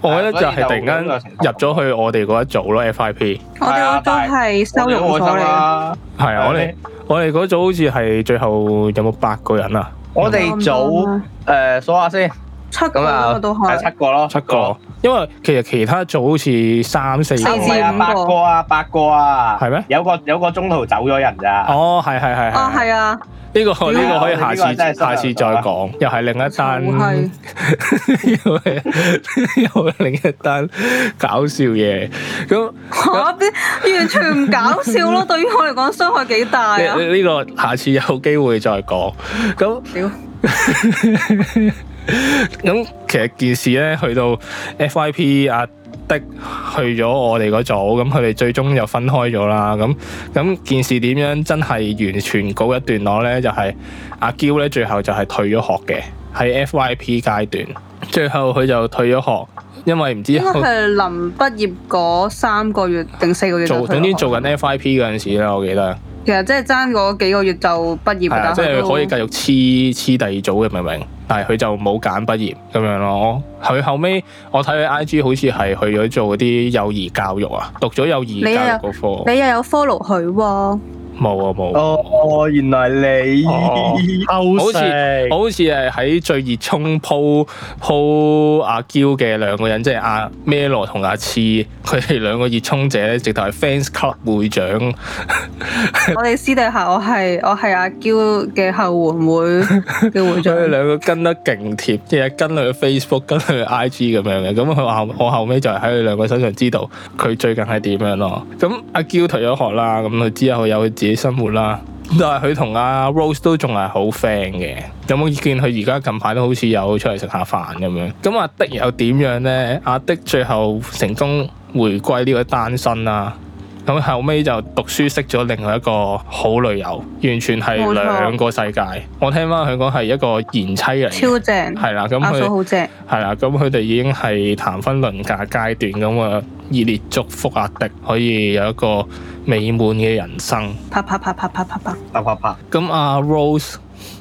我覺得就係突然間入咗去我哋嗰一組咯 FIP。我哋都係收容所嚟啦。係啊， *laughs* 對我哋我哋嗰組好似係最後有冇八個人啊？人我哋組誒，數、啊、下先。七咁啊，係七個咯，七個，因為其實其他組好似三四個，啊，八個啊，八個啊，係咩？有個有個中途走咗人咋？哦，係係係，啊，係啊，呢個呢個可以下次下次再講，又係另一單，係又另一單搞笑嘢，咁我呢邊完全唔搞笑咯，對於我嚟講傷害幾大啊！呢個下次有機會再講，咁。咁 *laughs* 其實件事咧，去到 FYP 阿迪，去咗我哋嗰組，咁佢哋最終又分開咗啦。咁咁件事點樣真係完全告一段落咧？就係、是、阿嬌咧，最後就係退咗學嘅，喺 FYP 階段，最後佢就退咗學，因為唔知應該係臨畢業嗰三個月定四個月做，總之做緊 FYP 嗰陣時啦，我記得。其實即係爭嗰幾個月就畢業，即係的可以繼續黐黐第二組嘅，明唔明？但係佢就冇揀畢業咁樣咯，佢後尾，我睇佢 I G 好似係去咗做嗰啲幼兒教育啊，讀咗幼兒教育個科，你又有 follow 佢喎、哦。冇啊冇哦，啊、哦，原來你、哦、吃好似好似係喺最熱衷鋪鋪阿嬌嘅兩個人，即係阿咩羅同阿痴佢哋兩個熱衷者咧，直頭係 fans club 會長。 *laughs* 我哋私底下我係我係阿嬌嘅後援會嘅會長，佢 *laughs* *laughs* *laughs* 兩個跟得勁貼，即、就、係、是、跟佢 Facebook，跟佢 IG 咁樣嘅。咁佢話我後尾就喺佢兩個身上知道佢最近係點樣咯。咁阿嬌退咗學啦，咁佢之後有佢自。生活啦，但係佢同阿 Rose 都仲係好 friend 嘅，有冇見佢而家近排都好似有出嚟食下飯咁樣？咁阿的又點樣呢？阿的最後成功回歸呢個單身啦。咁後尾就讀書識咗另外一個好女友，完全係兩個世界。我聽翻佢講係一個賢妻嚟，超正，係啦。咁佢係啦，咁佢哋已經係談婚論嫁階段咁啊！熱烈祝福阿迪可以有一個美滿嘅人生。啪啪啪啪啪啪啪啪啪啪。咁阿 Rose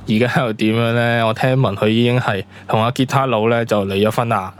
而家又點樣呢？我聽聞佢已經係同阿吉他佬咧就離咗婚啦。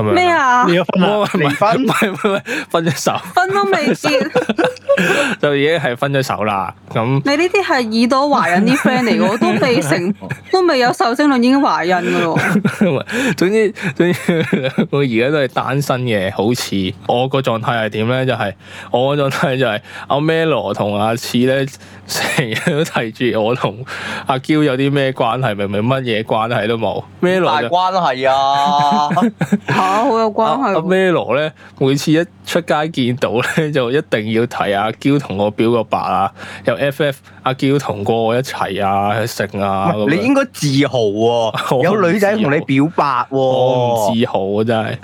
咩啊？唔係唔係分咗手，分都未接， *laughs* 就已經係分咗手啦。咁你呢啲係耳朵懷孕啲 friend 嚟嘅，我都未成， *laughs* 都未有受精卵已經懷孕嘅。 *laughs* 總之總之，我而家都係單身嘅。好似我個狀態係點咧？就係、是、我個狀態就係、是、阿 Melo 同阿次咧，成日都提住我同阿嬌有啲咩關係，明明乜嘢關係都冇咩羅大關係啊！ *laughs* 好、啊、有關係。阿咩羅咧，每次一出街見到咧，就一定要提阿嬌同我表個白啊，有 FF 阿、啊、嬌同過我一齊啊，食啊。你應該自豪喎，有女仔同你表白喎。我唔自豪啊，真係。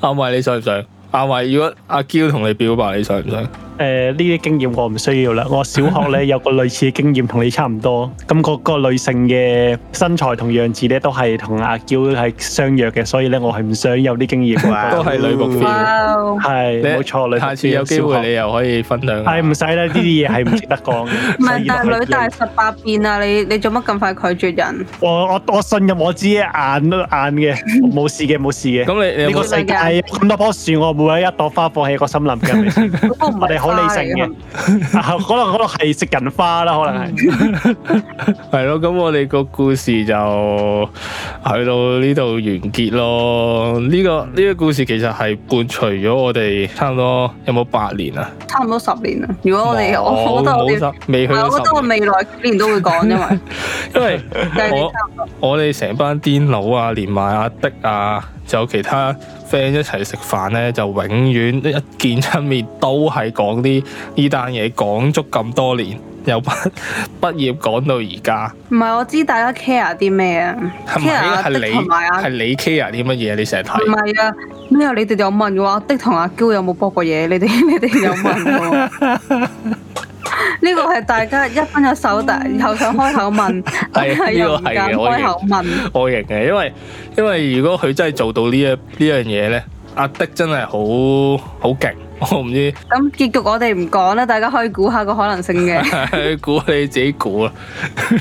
阿 *laughs* 偉、啊，你想唔想？阿、啊、偉，如果阿嬌同你表白，你想唔想？誒，呢啲經驗我唔需要啦。我小學咧有個類似嘅經驗，同你差唔多。咁個個女性嘅身材同樣子咧，都係同阿嬌係相若嘅，所以咧我係唔想有啲經驗嘅。都係女僕 feel，係冇錯。女僕小學，下次有機會你又可以分享。係唔使啦，呢啲嘢係唔值得講嘅。唔係啊，女大十八變啊，你你做乜咁快拒絕人？我我我信任我知，眼都眼嘅冇事嘅冇事嘅。咁你呢個世界咁多樖樹，我唔會有一朵花放喺個森林嘅。我哋好。可能可能係食人花啦，可能係， *laughs* 係咯。咁我哋個故事就去到呢度完結咯。呢個呢個故事其實係伴隨咗我哋差唔多有冇八年啊，差唔多十年啊。如果我哋，沒我覺得未去，我覺得我未來幾年都會講，因為 *laughs* 因為，因為我哋成班癲佬啊，連埋阿迪啊。啊就其他 friend 一齊食飯咧，就永遠一見一面都係講啲呢單嘢，講足咁多年，又畢畢業講到而家。唔係，我知大家 care 啲咩啊係咪係你係、啊、你 care 啲乜嘢？你成日睇唔係啊？咩啊？你哋有問嘅話，的同阿嬌有冇搏過嘢？你哋你哋有問。 *laughs* 呢 *laughs* 個係大家一分咗手，但然後想開口問，係又、 *laughs* 這個、敢開口問，我型嘅。因為因為如果佢真係做到呢一呢樣嘢咧，阿的真係好好勁，我唔知。咁 *laughs* 結局我哋唔講啦，大家可以估下個可能性嘅。估 *laughs* 你自己估啦，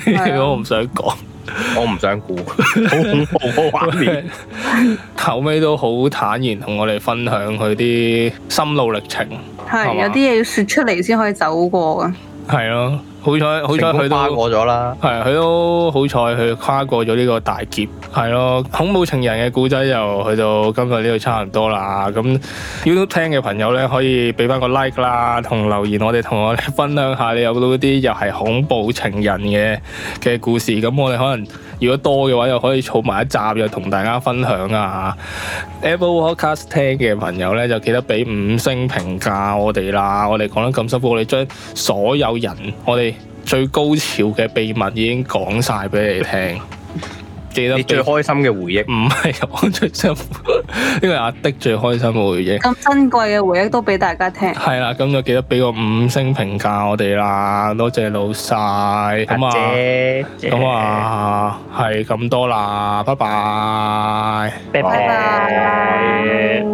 *laughs* *laughs* 我唔想講。 *laughs* 我唔想估，好 *laughs* 恐怖畫面。 *laughs* *laughs* 後尾都好坦然同我哋分享佢啲心路歷程，係是吧有啲嘢要說出嚟先可以走過噶，係咯。好彩，好彩，佢都過咗啦係，佢都好彩，佢跨過咗呢個大劫，係咯。恐怖情人嘅故仔又去到今日呢度差唔多啦。咁 YouTube 聽嘅朋友咧，可以俾翻個 like 啦，同留言，我哋同我哋分享下你有冇啲又係恐怖情人嘅嘅故事？咁我哋可能如果多嘅話，又可以儲埋一集，又同大家分享啊。Apple Podcast 聽嘅朋友咧，就記得俾五星評價我哋啦。我哋講得咁辛苦，我哋將所有人，我哋。最高潮嘅秘密已經講晒俾你聽，記得最開心嘅回憶唔係我最辛苦，呢個阿的最開心嘅回憶，咁珍貴嘅回憶都俾大家聽，係啦，咁就記得俾個五星評價我哋啦，多謝老細，咁啊，咁啊，係咁多啦，拜拜，拜拜。